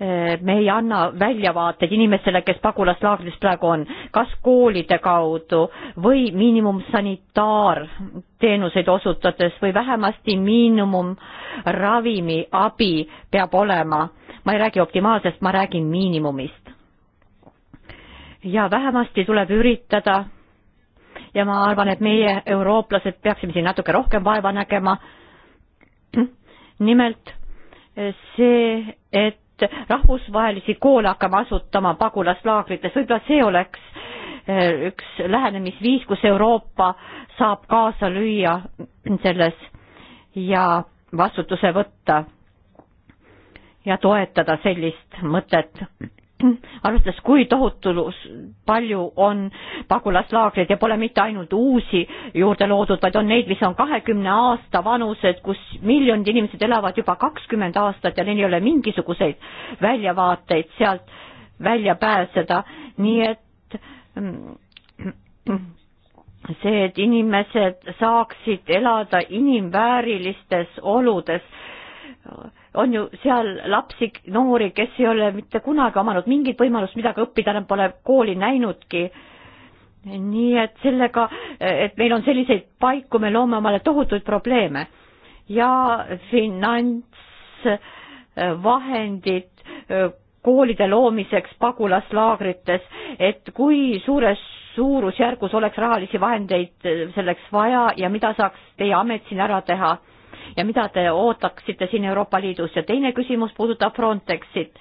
Eh, me ei anna väljavaateid inimestele, kes pagulaslaagris praegu on, kas koolide kaudu või miinimumsanitaarteenuseid osutades või vähemasti miinimumravimiabi peab olema. ma ei räägi optimaalsest, ma räägin miinimumist. ja vähemasti tuleb üritada ja ma arvan, et meie, eurooplased, peaksime siin natuke rohkem vaeva nägema. nimelt eh, see, et rahvusvahelisi koole hakkama asutama pagulaslaagrites, võib-olla see oleks eh, üks lähenemisviis, kus Euroopa saab kaasa lüüa selles ja vastutuse võtta ja toetada sellist mõtet arvestades, kui tohutul palju on pagulaslaagreid ja pole mitte ainult uusi juurde loodud, vaid on neid, mis on kahekümne aasta vanused, kus miljonid inimesed elavad juba kakskümmend aastat ja neil ei ole mingisuguseid väljavaateid sealt välja pääseda, nii et mm, see, et inimesed saaksid elada inimväärilistes oludes on ju seal lapsi, noori, kes ei ole mitte kunagi omanud mingit võimalust midagi õppida, nad pole kooli näinudki. nii et sellega, et meil on selliseid paiku, me loome omale tohutuid probleeme ja finantsvahendid eh, koolide loomiseks pagulaslaagrites, et kui suures suurusjärgus oleks rahalisi vahendeid eh, selleks vaja ja mida saaks teie amet siin ära teha ja mida te ootaksite siin Euroopa Liidus ja teine küsimus puudutab Frontexit.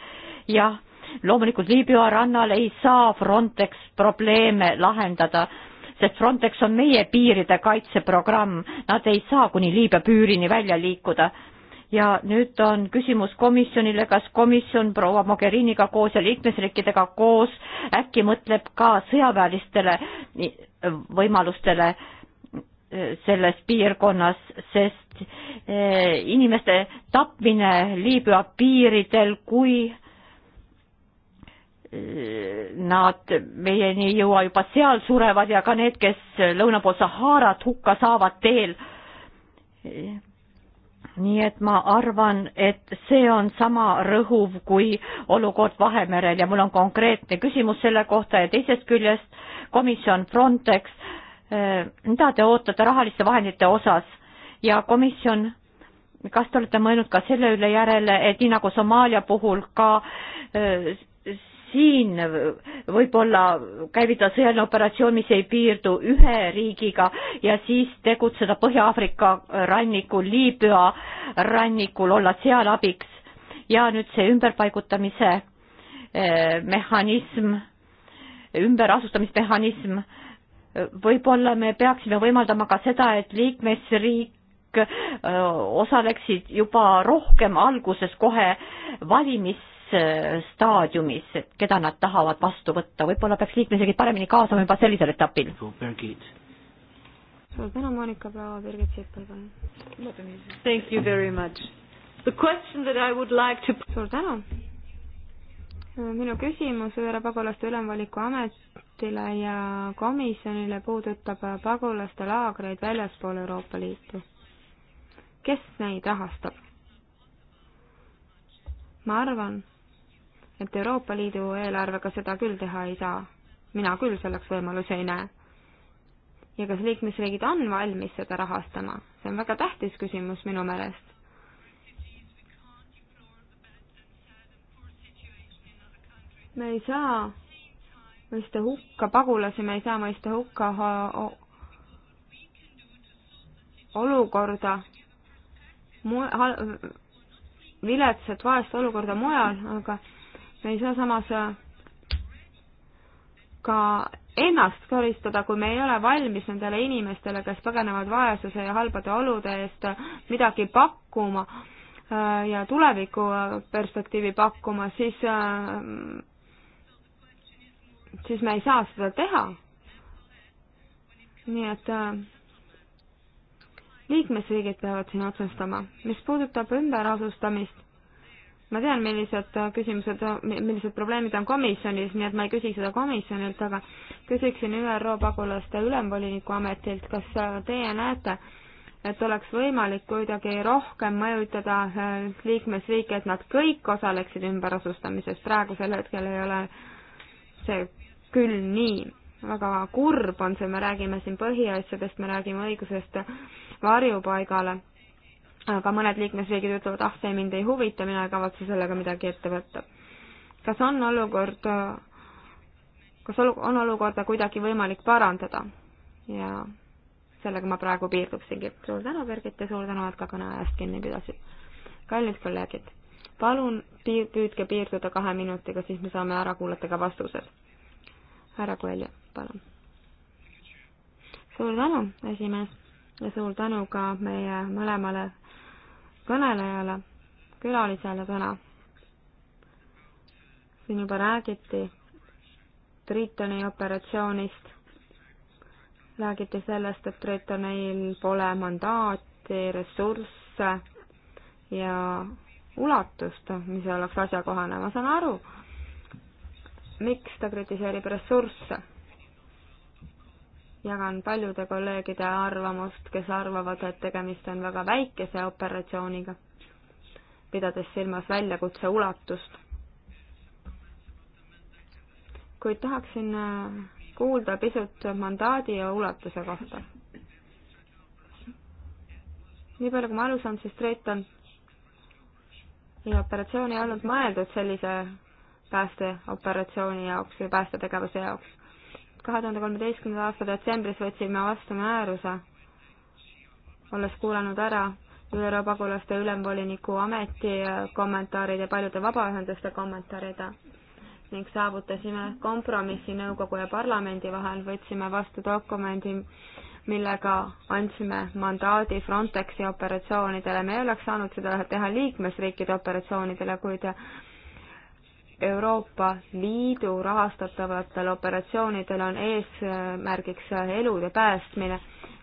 jah, loomulikult Liibüa rannal ei saa Frontex probleeme lahendada, sest Frontex on meie piiride kaitseprogramm, nad ei saa kuni Liibüa püürini välja liikuda ja nüüd on küsimus komisjonile, kas komisjon proua Mogheriniga koos ja liikmesriikidega koos äkki mõtleb ka sõjaväelistele võimalustele äh, selles piirkonnas, sest eh, inimeste tapmine Liibüa piiridel, kui eh, nad meieni ei jõua, juba seal surevad ja ka need, kes lõuna pool Saharat hukka saavad teel. nii et ma arvan, et see on sama rõhuv kui olukord Vahemerel ja mul on konkreetne küsimus selle kohta ja teisest küljest komisjon Frontex äh, Äh, mida te ootate rahaliste vahendite osas ja komisjon, kas te olete mõelnud ka selle üle järele, et nii nagu Somaalia puhul ka äh, siin võib-olla käivitada sõjaline operatsioon, mis ei piirdu ühe riigiga ja siis tegutseda Põhja-Aafrika rannikul, Liibüa rannikul, olla seal abiks ja nüüd see ümberpaigutamise äh, mehhanism, ümberasustamismehhanism, võib-olla me peaksime võimaldama ka seda, et liikmesriik osaleksid juba rohkem alguses kohe valimisstaadiumis, et keda nad tahavad vastu võtta, võib-olla peaks liikmesriigid paremini kaasama juba sellisel etapil. suur tänu, Monika Paava, Birgit Sippel, palun. Thank you very much. The question that I would like to suur tänu minu küsimus ÜRO pagulaste ülemvoliku ametile ja komisjonile puudutab pagulaste laagreid väljaspool Euroopa Liitu. kes neid rahastab? ma arvan, et Euroopa Liidu eelarvega seda küll teha ei saa. mina küll selleks võimalusi ei näe. ja kas liikmesriigid on valmis seda rahastama? see on väga tähtis küsimus minu meelest me ei saa mõista hukka pagulasi, me ei saa mõista hukka olukorda, viletsat vaest olukorda mujal, aga me ei saa samas äh, ka ennast karistada, kui me ei ole valmis nendele inimestele, kes põgenevad vaesuse ja halbade olude eest, äh, midagi pakkuma äh, ja tulevikuperspektiivi pakkuma, siis siis me ei saa seda teha. nii et äh, liikmesriigid peavad siin otsustama. mis puudutab ümberasustamist, ma tean, millised äh, küsimused, millised probleemid on komisjonis, nii et ma ei küsi seda komisjonilt, aga küsiksin ÜRO pagulaste ülemvoliniku ametilt, kas äh, teie näete, et oleks võimalik kuidagi rohkem mõjutada liikmesriike, et nad kõik osaleksid ümberasustamises, praegusel hetkel ei ole see küll nii. väga kurb on see, me räägime siin põhiasjadest, me räägime õigusest varjupaigale, aga mõned liikmesriigid ütlevad, ah, see mind ei huvita, mina ei kavatse sellega midagi ette võtta. kas on olukord, kas on olukorda kuidagi võimalik parandada ja sellega ma praegu piirduksingi. suur tänu, Birgit, ja suur tänu, et ka kõneajast kinni pidasid. kallid kolleegid, palun piir-, püüdke piirduda kahe minutiga, siis me saame ära kuulata ka vastused härra Koelja, palun. suur tänu, esimees, ja suur tänu ka meie mõlemale kõnelejale, külalisele täna. siin juba räägiti Tritoni operatsioonist, räägiti sellest, et Tritonil pole mandaati, ressursse ja ulatust, mis oleks asjakohane, ma saan aru miks ta kritiseerib ressursse. jagan paljude kolleegide arvamust, kes arvavad, et tegemist on väga väikese operatsiooniga, pidades silmas väljakutse ulatust. kuid tahaksin äh, kuulda pisut mandaadi ja ulatuse kohta. nii palju, kui ma aru saan, siis Triton ja operatsioon ei olnud mõeldud sellise päästeoperatsiooni jaoks või päästetegevuse jaoks. kahe tuhande kolmeteistkümnenda aasta detsembris võtsime vastu määruse, olles kuulanud ära ÜRO pagulaste ülemvoliniku ameti kommentaarid ja paljude vabaühenduste kommentaarid ning saavutasime kompromissi nõukogu ja parlamendi vahel, võtsime vastu dokumendi, millega andsime mandaadi Frontexi operatsioonidele. me ei oleks saanud seda teha liikmesriikide operatsioonidele, kuid Euroopa Liidu rahastatavatel operatsioonidel on eesmärgiks elude päästmine,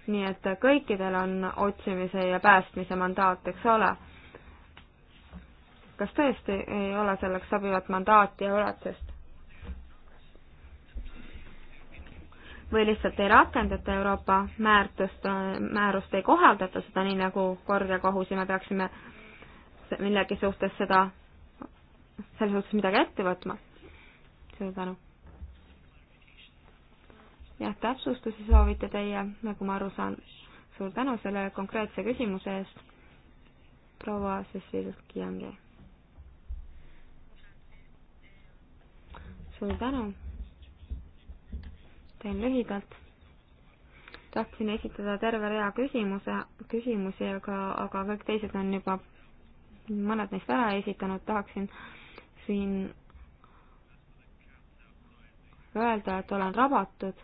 nii et kõikidel on otsimise ja päästmise mandaat, eks ole. kas tõesti ei ole selleks sobivat mandaati ja ulatust? või lihtsalt ei rakendata Euroopa määrtust, määrust ei kohaldata seda nii nagu kord ja kohus ja me peaksime millegi suhtes seda selles suhtes midagi ette võtma. suur tänu. jah, täpsustusi soovite teie, nagu ma aru saan. suur tänu selle konkreetse küsimuse eest, proua Cecil-Kiangi. suur tänu. teen lühidalt tahtsin esitada terve rea küsimuse, küsimusi, aga, aga kõik teised on juba mõned neist ära esitanud, tahaksin siin öelda, et olen rabatud,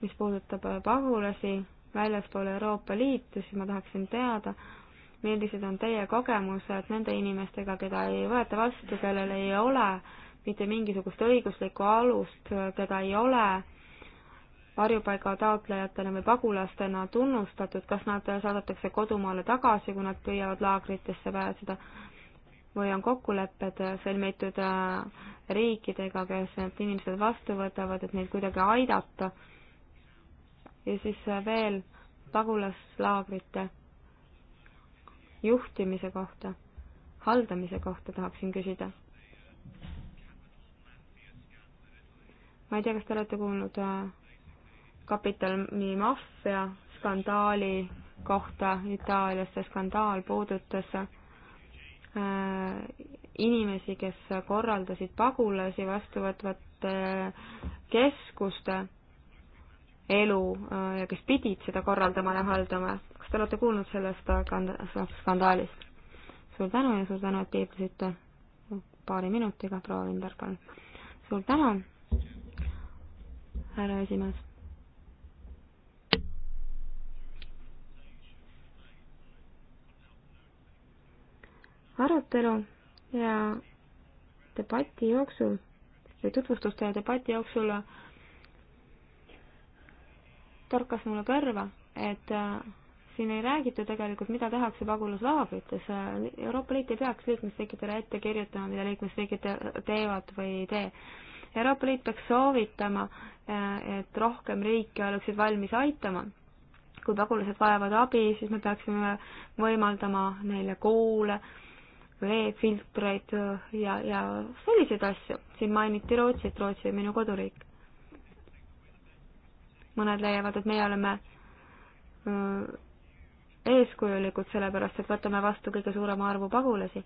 mis puudutab äh, pagulasi väljaspool Euroopa Liitu, siis ma tahaksin teada, millised on teie kogemused nende inimestega, keda ei võeta vastu, kellel ei ole mitte mingisugust õiguslikku alust, keda ei ole varjupaiga taotlejatena või pagulastena tunnustatud, kas nad saadetakse kodumaale tagasi, kui nad püüavad laagritesse pääseda või on kokkulepped sõlmitud äh, riikidega, kes need inimesed vastu võtavad, et neid kuidagi aidata. ja siis äh, veel pagulaslaagrite juhtimise kohta, haldamise kohta tahaksin küsida. ma ei tea, kas te olete kuulnud kapitali äh, maffia skandaali kohta Itaalias, see skandaal puudutas Äh, inimesi, kes korraldasid pagulasi vastuvõtvate äh, keskuste elu äh, ja kes pidid seda korraldama ja haldama. kas te olete kuulnud sellest skandaalist? suur tänu ja suur tänu, et piirdusite paari minutiga, proua Vindar, palun. suur tänu, härra esimees arutelu ja debati jooksul või tutvustuste ja debati jooksul torkas mulle kõrva, et äh, siin ei räägita tegelikult, mida tehakse pagulaslaagrites. Euroopa Liit ei peaks liikmesriikidele ette kirjutama, mida liikmesriigid teevad või ei tee. Euroopa Liit peaks soovitama, äh, et rohkem riike oleksid valmis aitama. kui pagulased vajavad abi, siis me peaksime võimaldama neile koole veefiltreid äh, ja, ja selliseid asju. siin mainiti Rootsit, Rootsi on minu koduriik. mõned leiavad, et meie oleme äh, eeskujulikud, sellepärast et võtame vastu kõige suurema arvu pagulasi,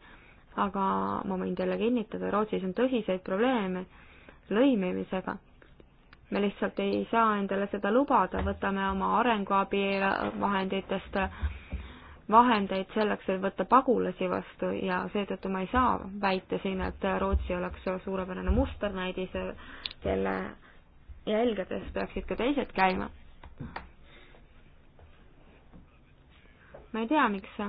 aga ma võin teile kinnitada, Rootsis on tõsiseid probleeme lõimimisega me lihtsalt ei saa endale seda lubada, võtame oma arenguabi vahenditest vahendeid selleks, et võtta pagulasi vastu ja seetõttu ma ei saa väita siin, et Rootsi oleks suurepärane musternäidis, kelle jälgedes peaksid ka teised käima. ma ei tea, miks.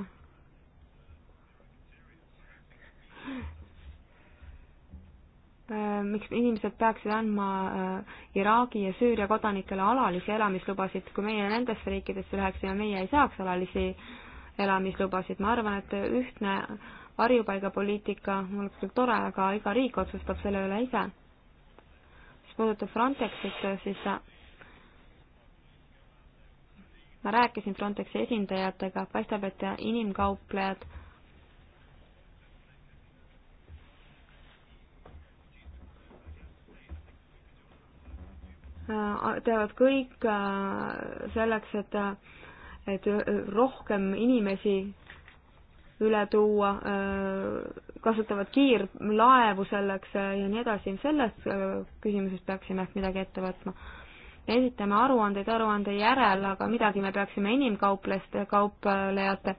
Äh, miks inimesed peaksid andma äh, Iraagi ja Süüria kodanikele alalisi elamislubasid, kui meie nendesse riikidesse läheksime, meie ei saaks alalisi äh, elamislubasid, ma arvan, et ühtne varjupaigapoliitika oleks küll tore, aga iga riik otsustab selle üle ise. mis puudutab Frontexit, siis ma rääkisin Frontexi esindajatega, paistab, et inimkauplejad teevad kõik selleks, et et rohkem inimesi üle tuua, kasutavad kiirlaevu selleks ja nii edasi, selles küsimuses peaksime ehk midagi ette võtma. me esitame aruandeid aruande järel, aga midagi me peaksime inimkauplejate, kauplejate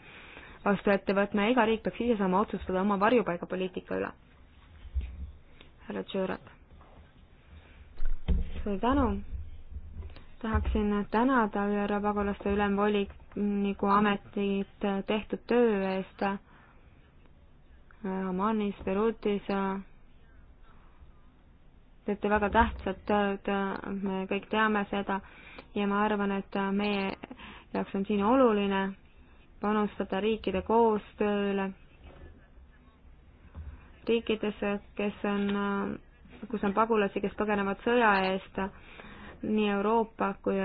vastu ette võtma ja iga riik peaks ise saama otsustada oma varjupaigapoliitika üle. härra Tšõõrat. suur tänu tahaksin tänada ÜRO pagulaste ülemvoliniku ametit tehtud töö eest Omanis, Beirutis. teete väga tähtsat tööd, me kõik teame seda ja ma arvan, et meie jaoks on siin oluline panustada riikide koostööle riikides, kes on, kus on pagulasi, kes põgenevad sõja eest, nii Euroopa kui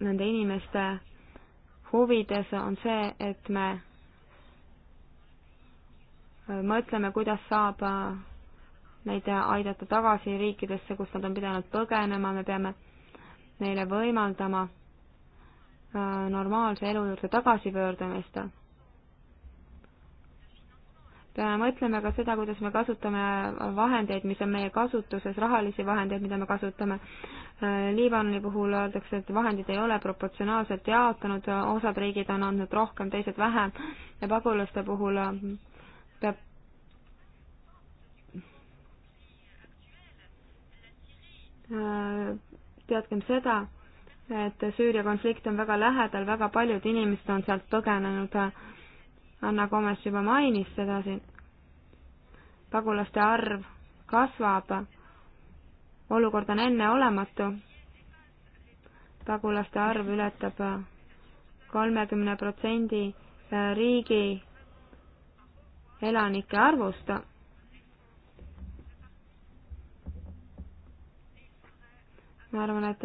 nende inimeste huvides on see, et me mõtleme, kuidas saab neid aidata tagasi riikidesse, kus nad on pidanud põgenema, me peame neile võimaldama normaalse elu juurde tagasipöördumist Äh, mõtleme ka seda, kuidas me kasutame vahendeid, mis on meie kasutuses, rahalisi vahendeid, mida me kasutame. Äh, Liibanoni puhul öeldakse, et vahendid ei ole proportsionaalselt jaotanud, osad riigid on andnud rohkem, teised vähem ja pagulaste puhul äh, peab teadkem seda, et Süüria konflikt on väga lähedal, väga paljud inimesed on sealt põgenenud Anna Komes juba mainis seda siin. pagulaste arv kasvab, olukord on enneolematu. pagulaste arv ületab kolmekümne protsendi riigi elanike arvust. ma arvan, et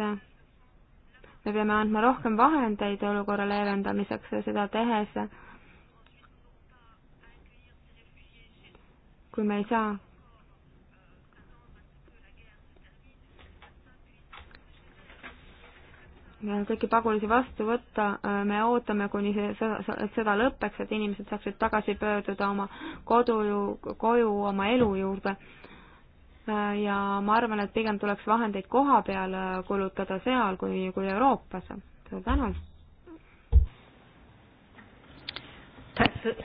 me peame andma rohkem vahendeid olukorra leevendamiseks ja seda tehes kui me ei saa kõiki pagulasi vastu võtta, me ootame, kuni see, et sõda lõpeks, et inimesed saaksid tagasi pöörduda oma kodu, koju, oma elu juurde. ja ma arvan, et pigem tuleks vahendeid koha peal kulutada seal kui, kui Euroopas. suur tänu.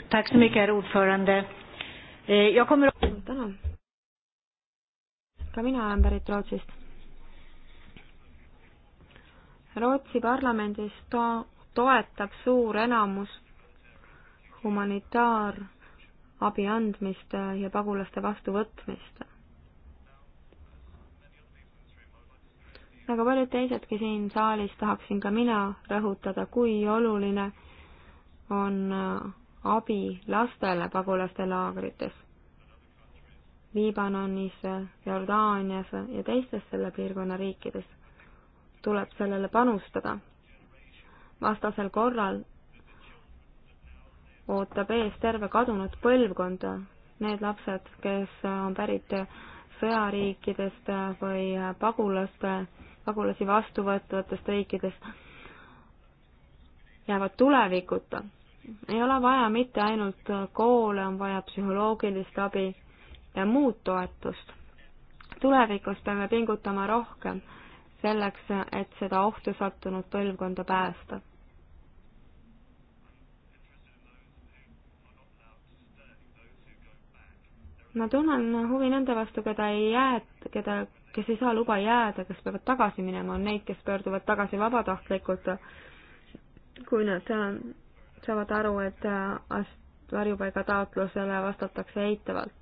Tack så mycket, herr ordförande. Jag kommer... tänan. ka mina olen pärit Rootsist. Rootsi parlamendis to-, toetab suur enamus humanitaarabi andmist ja pagulaste vastuvõtmist. nagu paljud teisedki siin saalis, tahaksin ka mina rõhutada, kui oluline on äh, abi lastele pagulaste laagrites. Liibanonis, Jordaanias ja teistes selle piirkonna riikides tuleb sellele panustada. vastasel korral ootab ees terve kadunud põlvkond, need lapsed, kes on pärit sõjariikidest või pagulaste, pagulasi vastu võtvatest riikidest, jäävad tulevikuta ei ole vaja mitte ainult koole, on vaja psühholoogilist abi ja muud toetust. tulevikus peame pingutama rohkem selleks, et seda ohtu sattunud põlvkonda päästa. ma tunnen huvi nende vastu, keda ei jää, keda, kes ei saa luba jääda, kes peavad tagasi minema, on neid, kes pöörduvad tagasi vabatahtlikult, kui nad saavad aru, et äh, varjupaiga taotlusele vastatakse eitavalt.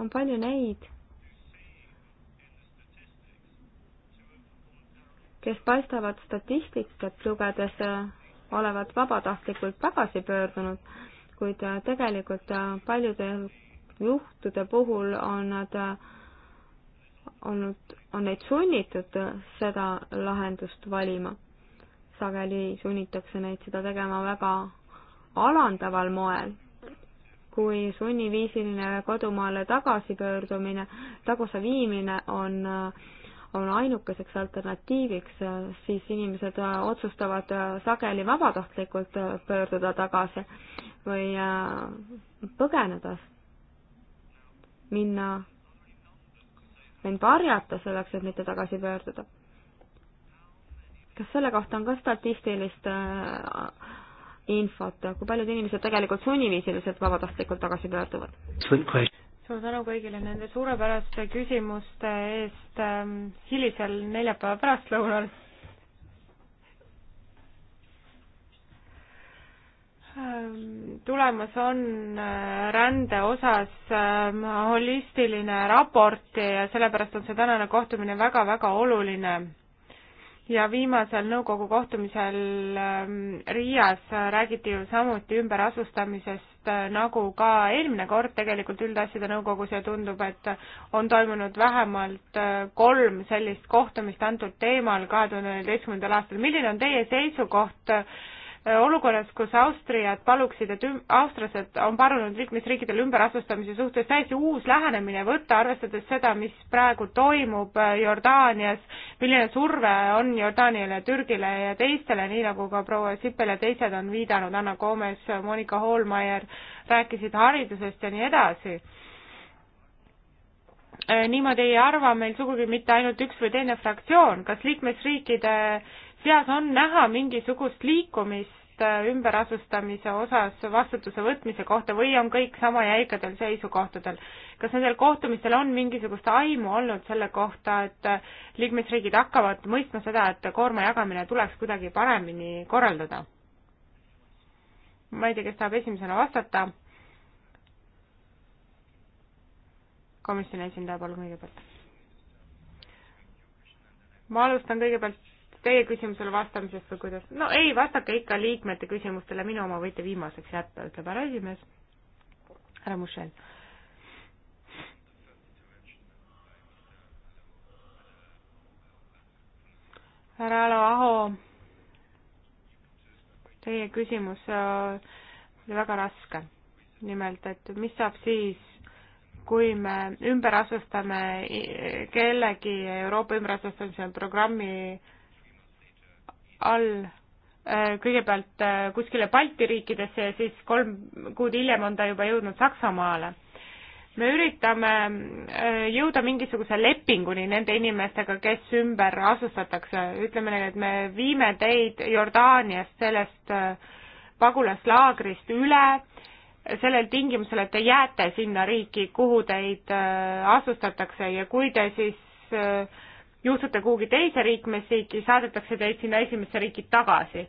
on palju neid, kes paistavad statistikat lugedes äh, olevat vabatahtlikult tagasi pöördunud, kuid äh, tegelikult paljude juhtude puhul on nad olnud, on neid sunnitud seda lahendust valima sageli sunnitakse neid seda tegema väga alandaval moel. kui sunniviisiline kodumaale tagasipöördumine, tagasiviimine on, on ainukeseks alternatiiviks, siis inimesed otsustavad sageli vabatahtlikult pöörduda tagasi või äh, põgeneda, minna, end varjata selleks, et mitte tagasi pöörduda kas selle kohta on ka statistilist äh, infot, kui paljud inimesed tegelikult sunniviisiliselt vabatahtlikult tagasi pöörduvad? suur tänu kõigile nende suurepäraste küsimuste eest ähm, hilisel neljapäeva pärastlõunal. Ähm, tulemas on äh, rände osas ähm, holistiline raport ja sellepärast on see tänane kohtumine väga-väga oluline ja viimasel nõukogu kohtumisel ähm, Riias räägiti ju samuti ümberasustamisest, äh, nagu ka eelmine kord tegelikult üldasjade nõukogus ja tundub, et on toimunud vähemalt äh, kolm sellist kohtumist antud teemal kahe tuhande üheteistkümnendal aastal. milline on teie seisukoht Äh, olukorras, kus Austriad paluksid, et austrlased on palunud liikmesriikidel ümberasustamise suhtes täiesti uus lähenemine võtta, arvestades seda, mis praegu toimub äh, Jordaanias, milline surve on Jordaaniale, Türgile ja teistele, nii nagu ka proua Sippel ja teised on viidanud, Anna Gomes, Monika Hoolmeier rääkisid haridusest ja nii edasi äh, niimoodi ei arva meil sugugi mitte ainult üks või teine fraktsioon, kas liikmesriikide seas on näha mingisugust liikumist äh, ümberasustamise osas vastutuse võtmise kohta või on kõik sama jäikadel seisukohtadel? kas nendel kohtumistel on mingisugust aimu olnud selle kohta, et äh, liikmesriigid hakkavad mõistma seda, et koorma jagamine tuleks kuidagi paremini korraldada? ma ei tea, kes tahab esimesena vastata. komisjoni esindaja, palun kõigepealt. ma alustan kõigepealt teie küsimusele vastamisest või kuidas? no ei, vastake ikka liikmete küsimustele, minu oma võite viimaseks jätta, ütleb härra esimees, härra Mušel. härra Alo Aho, teie küsimus äh, oli väga raske. nimelt, et mis saab siis, kui me ümberasustame kellegi Euroopa ümberasustamise programmi all äh, kõigepealt äh, kuskile Balti riikidesse ja siis kolm kuud hiljem on ta juba jõudnud Saksamaale. me üritame äh, jõuda mingisuguse lepinguni nende inimestega, kes ümber asustatakse, ütleme nii, et me viime teid Jordaaniast sellest pagulaslaagrist üle sellel tingimusel, et te jääte sinna riiki, kuhu teid asustatakse ja kui te siis äh, juhtute kuhugi teise liikmesriiki, saadetakse teid sinna esimesse riiki tagasi.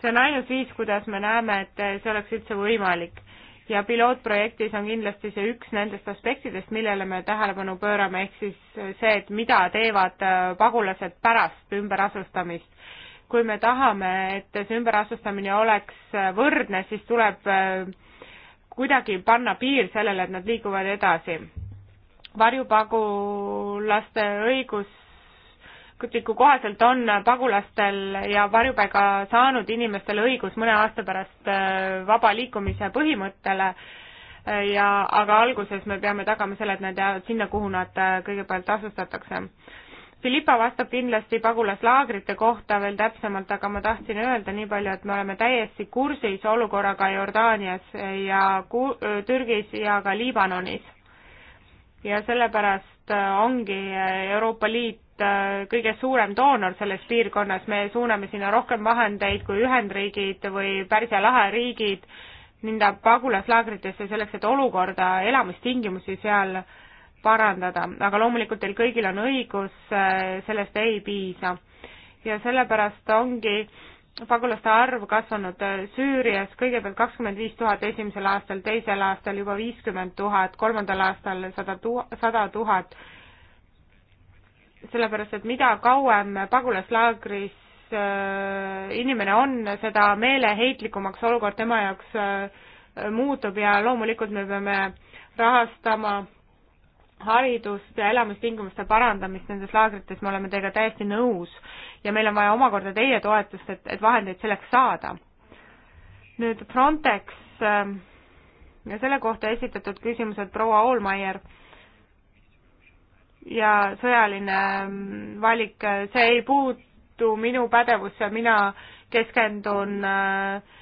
see on ainus viis, kuidas me näeme, et see oleks üldse võimalik. ja pilootprojektis on kindlasti see üks nendest aspektidest, millele me tähelepanu pöörame, ehk siis see, et mida teevad äh, pagulased pärast ümberasustamist. kui me tahame, et see ümberasustamine oleks äh, võrdne, siis tuleb äh, kuidagi panna piir sellele, et nad liiguvad edasi varjupagulaste õigus raamistiku kohaselt on pagulastel ja varjupaiga saanud inimestel õigus mõne aasta pärast äh, vaba liikumise põhimõttele äh, ja, aga alguses me peame tagama selle, et nad jäävad sinna, kuhu nad äh, kõigepealt asustatakse. Filippa vastab kindlasti pagulaslaagrite kohta veel täpsemalt, aga ma tahtsin öelda nii palju, et me oleme täiesti kursis olukorraga Jordaanias ja ku-, Türgis ja ka Liibanonis. ja sellepärast ongi Euroopa Liit Äh, kõige suurem doonor selles piirkonnas, me suuname sinna rohkem vahendeid kui Ühendriigid või Pärsia lahe riigid, nõnda pagulaslaagritesse selleks, et olukorda, elamistingimusi seal parandada, aga loomulikult teil kõigil on õigus, äh, sellest ei piisa. ja sellepärast ongi pagulaste arv kasvanud äh, Süürias kõigepealt kakskümmend viis tuhat esimesel aastal, teisel aastal juba viiskümmend tuhat, kolmandal aastal sada tu-, sada tuhat sellepärast et mida kauem pagulaslaagris äh, inimene on, seda meeleheitlikumaks olukord tema jaoks äh, muutub ja loomulikult me peame rahastama haridust ja elamistingimuste parandamist nendes laagrites, me oleme teiega täiesti nõus ja meil on vaja omakorda teie toetust, et, et vahendeid selleks saada. nüüd Frontex äh, ja selle kohta esitatud küsimused, proua Allmaier ja sõjaline mm, valik, see ei puutu minu pädevusse, mina keskendun äh,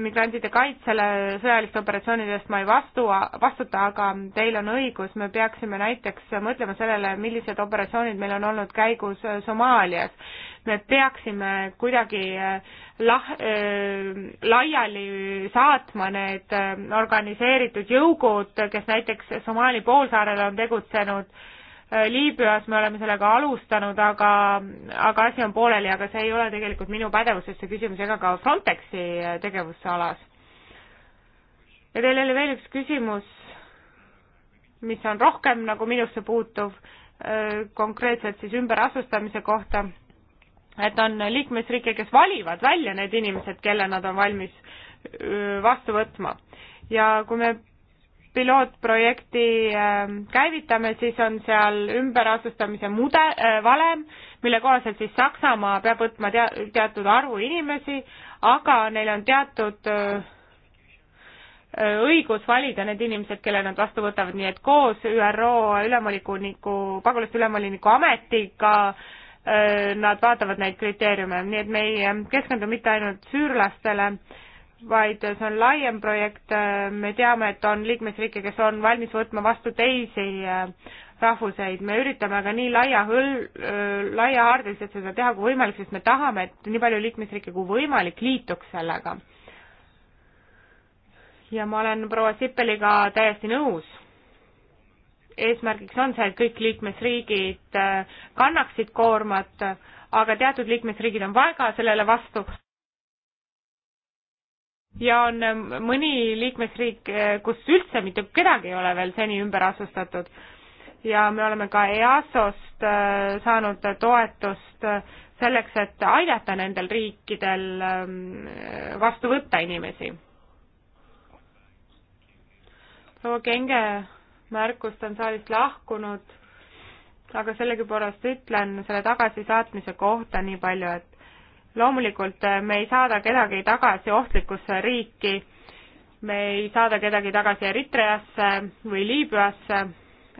migrantide kaitsele, sõjaliste operatsioonidest ma ei vastu, vastuta, aga teil on õigus, me peaksime näiteks mõtlema sellele, millised operatsioonid meil on olnud käigus äh, Somaalias. me peaksime kuidagi äh, lah-, laiali saatma need organiseeritud jõugud, kes näiteks Somaali poolsaarel on tegutsenud Äh, Liibüas me oleme sellega alustanud, aga, aga asi on pooleli, aga see ei ole tegelikult minu pädevuses see küsimus ega ka Frontexi äh, tegevusse alas. ja teil oli veel üks küsimus, mis on rohkem nagu minusse puutuv, äh, konkreetselt siis ümberasustamise kohta, et on liikmesriike, kes valivad välja need inimesed, kelle nad on valmis vastu võtma. ja kui me pilootprojekti ähm, käivitame, siis on seal ümberasustamise mude-, äh, valem, mille kohaselt siis Saksamaa peab võtma tea-, teatud arvu inimesi, aga neil on teatud äh, õigus valida need inimesed, kelle nad vastu võtavad, nii et koos ÜRO ülemvoliniku, pagulaste ülemvoliniku ametiga äh, nad vaatavad neid kriteeriume, nii et me ei keskendu mitte ainult süürlastele, vaid see on laiem projekt, me teame, et on liikmesriike, kes on valmis võtma vastu teisi äh, rahvuseid, me üritame aga nii laia hõl-, äh, laiahaardeliselt seda teha kui võimalik, sest me tahame, et nii palju liikmesriike kui võimalik liituks sellega. ja ma olen proua Sippeliga täiesti nõus. eesmärgiks on see, et kõik liikmesriigid äh, kannaksid koormat, aga teatud liikmesriigid on väga sellele vastu ja on ähm, mõni liikmesriik, äh, kus üldse mitte kedagi ei ole veel seni ümber asustatud. ja me oleme ka EASO-st äh, saanud toetust äh, selleks, et aidata nendel riikidel ähm, vastu võtta inimesi. proua Kenge märkust on saalist lahkunud, aga sellegipoolest ütlen selle tagasisaatmise kohta nii palju, et loomulikult äh, me ei saada kedagi tagasi ohtlikusse riiki, me ei saada kedagi tagasi Eritreasse või Liibüasse,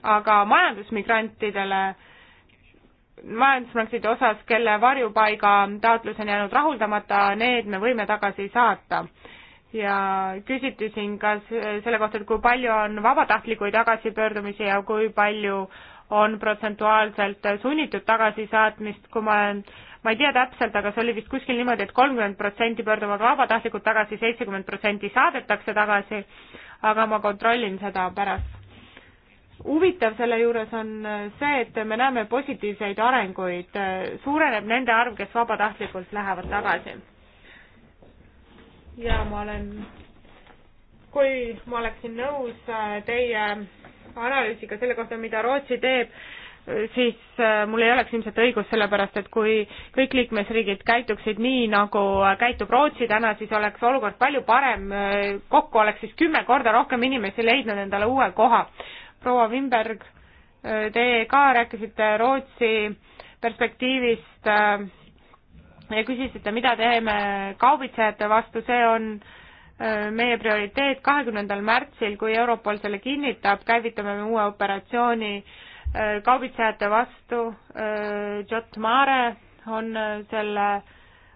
aga majandusmigrantidele, majandusmigrantide osas, kelle varjupaiga taotlus on jäänud rahuldamata, need me võime tagasi saata. ja küsiti siin ka selle kohta, et kui palju on vabatahtlikuid tagasipöördumisi ja kui palju on protsentuaalselt sunnitud tagasisaatmist, kui ma olen äh, ma ei tea täpselt, aga see oli vist kuskil niimoodi et, et kolmkümmend protsenti pöörduvad vabatahtlikult tagasi, seitsekümmend protsenti saadetakse tagasi, aga ma kontrollin seda pärast. huvitav selle juures on see, et me näeme positiivseid arenguid, suureneb nende arv, kes vabatahtlikult lähevad tagasi. ja ma olen, kui ma oleksin nõus äh, teie analüüsiga selle kohta, mida Rootsi teeb, siis äh, mul ei oleks ilmselt õigust, sellepärast et kui kõik liikmesriigid käituksid nii, nagu käitub Rootsi täna, siis oleks olukord palju parem, kokku oleks siis kümme korda rohkem inimesi leidnud endale uue koha. proua Wimberg, äh, teie ka rääkisite Rootsi perspektiivist äh, ja küsisite, mida teeme kaubitsejate vastu, see on meie prioriteet kahekümnendal märtsil, kui Europol selle kinnitab, käivitame me uue operatsiooni äh, kaubitsejate vastu. Äh, Jot Mare on äh, selle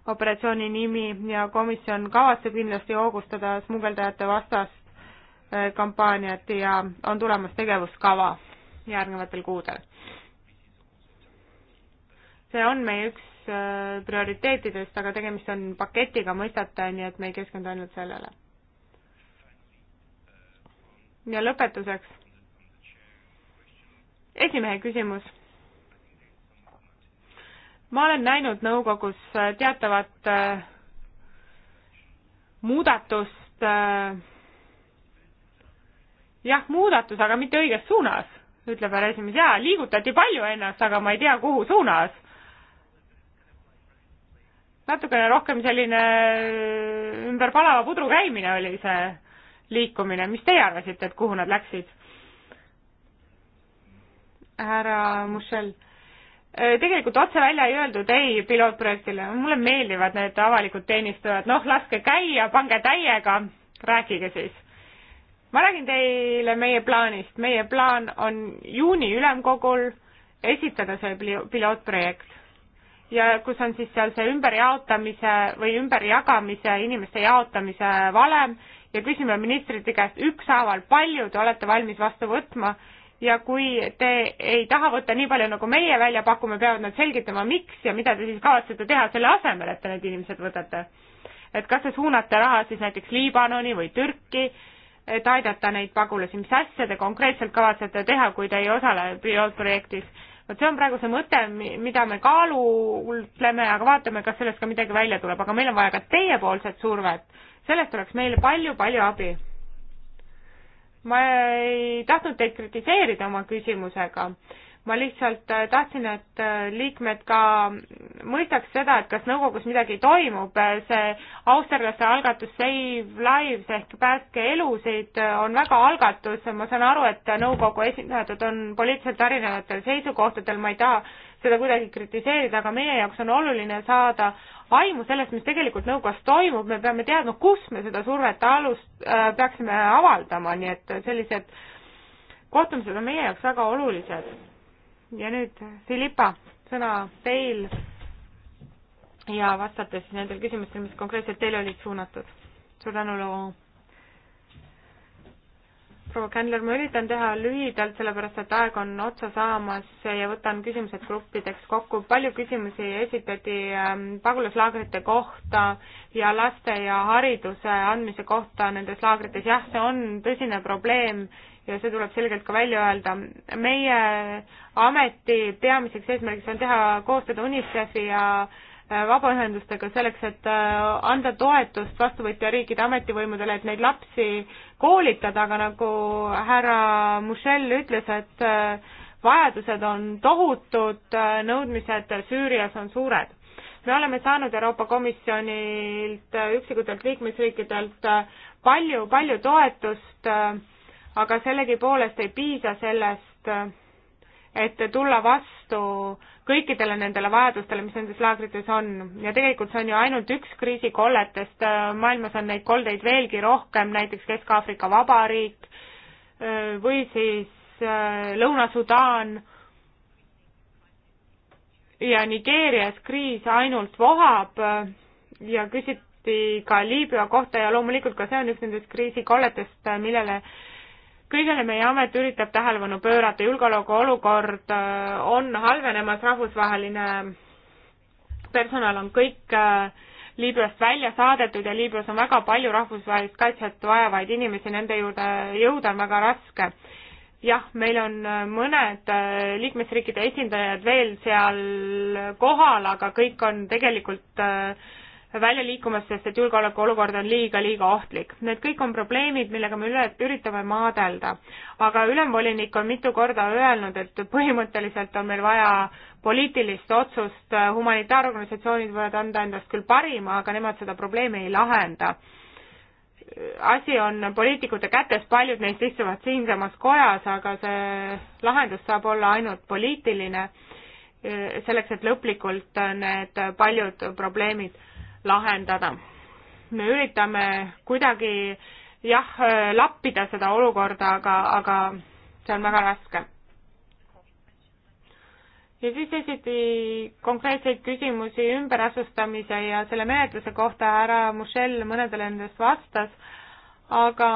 operatsiooni nimi ja komisjon kavatseb kindlasti hoogustada smugeldajate vastast äh, kampaaniat ja on tulemas tegevuskava järgnevatel kuudel. see on meie üks prioriteetidest, aga tegemist on paketiga, mõistate, nii et me ei keskendu ainult sellele. ja lõpetuseks esimehe küsimus. ma olen näinud nõukogus äh, teatavat äh, muudatust, äh, jah, muudatus, aga mitte õiges suunas, ütleb härra esimees, jaa, liigutati palju ennast, aga ma ei tea, kuhu suunas. natukene rohkem selline ümber palava pudru käimine oli see liikumine, mis teie arvasite, et kuhu nad läksid? härra Mušel. Äh, tegelikult otse välja ei öeldud ei pilootprojektile, mulle meeldivad need avalikud teenistujad, noh, laske käia, pange täiega, rääkige siis. ma räägin teile meie plaanist, meie plaan on juuni ülemkogul esitada see pilootprojekt ja kus on siis seal see ümberjaotamise või ümberjagamise, inimeste jaotamise valem ja küsime ministrite käest ükshaaval, palju te olete valmis vastu võtma ja kui te ei taha võtta nii palju, nagu meie välja pakume, peavad nad selgitama, miks ja mida te siis kavatsete teha selle asemel, et te need inimesed võtate. et kas te suunate raha siis näiteks Liibanoni või Türki, et aidata neid pagulasi, mis asja te konkreetselt kavatsete teha, kui te ei osale pilootprojektis? vot see on praegu see mõte, mida me kaalutleme, aga vaatame, kas sellest ka midagi välja tuleb, aga meil on vaja ka teiepoolset survet. sellest oleks meile palju-palju abi ma ei tahtnud teid kritiseerida oma küsimusega, ma lihtsalt äh, tahtsin, et äh, liikmed ka mõistaks seda, et kas nõukogus midagi toimub, äh, see austerlaste algatus Save Lives ehk päästke elusid on väga algatus, ma saan aru, et nõukogu esindajad on poliitiliselt erinevatel seisukohtadel, ma ei taha seda kuidagi kritiseerida, aga meie jaoks on oluline saada aimu sellest, mis tegelikult nõukogus toimub, me peame teadma, kus me seda survet alust- äh,, peaksime avaldama, nii et sellised kohtumised on meie jaoks väga olulised. ja nüüd, Philippa, sõna teil ja vastata siis nendele küsimustele, mis konkreetselt teile olid suunatud. suur tänu, Loo proua Kändler, ma üritan teha lühidalt, sellepärast et aeg on otsa saamas ja võtan küsimused gruppideks kokku. palju küsimusi esitati ähm, pagulaslaagrite kohta ja laste ja hariduse andmise kohta nendes laagrites. jah, see on tõsine probleem ja see tuleb selgelt ka välja öelda. meie ameti peamiseks eesmärgiks on teha koostööd UNICEF-i ja äh, Äh, vabaühendustega selleks, et äh, anda toetust vastuvõtja riikide ametivõimudele, et neid lapsi koolitada, aga nagu härra Michel ütles, et äh, vajadused on tohutud, nõudmised Süürias on suured. me oleme saanud Euroopa Komisjonilt, üksikutelt liikmesriikidelt palju-palju toetust, aga sellegipoolest ei piisa sellest et tulla vastu kõikidele nendele vajadustele, mis nendes laagrites on ja tegelikult see on ju ainult üks kriisikolletest, maailmas on neid koldeid veelgi rohkem, näiteks Kesk-Aafrika Vabariik või siis Lõuna-Sudaan ja Nigeerias kriis ainult vohab ja küsiti ka Liibüa kohta ja loomulikult ka see on üks nendest kriisikolletest, millele kõigele meie amet üritab tähelepanu pöörata, julgeolekuolukord äh, on halvenemas, rahvusvaheline personal on kõik äh, Liibüast välja saadetud ja Liibüas on väga palju rahvusvahelist kaitset vajavaid inimesi, nende juurde jõuda on väga raske. jah, meil on äh, mõned liikmesriikide esindajad veel seal kohal, aga kõik on tegelikult äh, välja liikumas, sest et julgeolekuolukord on liiga-liiga ohtlik. Need kõik on probleemid, millega me üle, üritame maadelda. aga ülemvolinik on mitu korda öelnud, et põhimõtteliselt on meil vaja poliitilist otsust, humanitaarorganisatsioonid võivad anda endast küll parima, aga nemad seda probleemi ei lahenda asi on poliitikute kätes, paljud neist istuvad siinsamas kojas, aga see lahendus saab olla ainult poliitiline, selleks et lõplikult need paljud probleemid lahendada. me üritame kuidagi jah, lappida seda olukorda, aga, aga see on väga raske. ja siis esiti konkreetseid küsimusi ümberasustamise ja selle menetluse kohta, härra Michel mõnedele nendest vastas, aga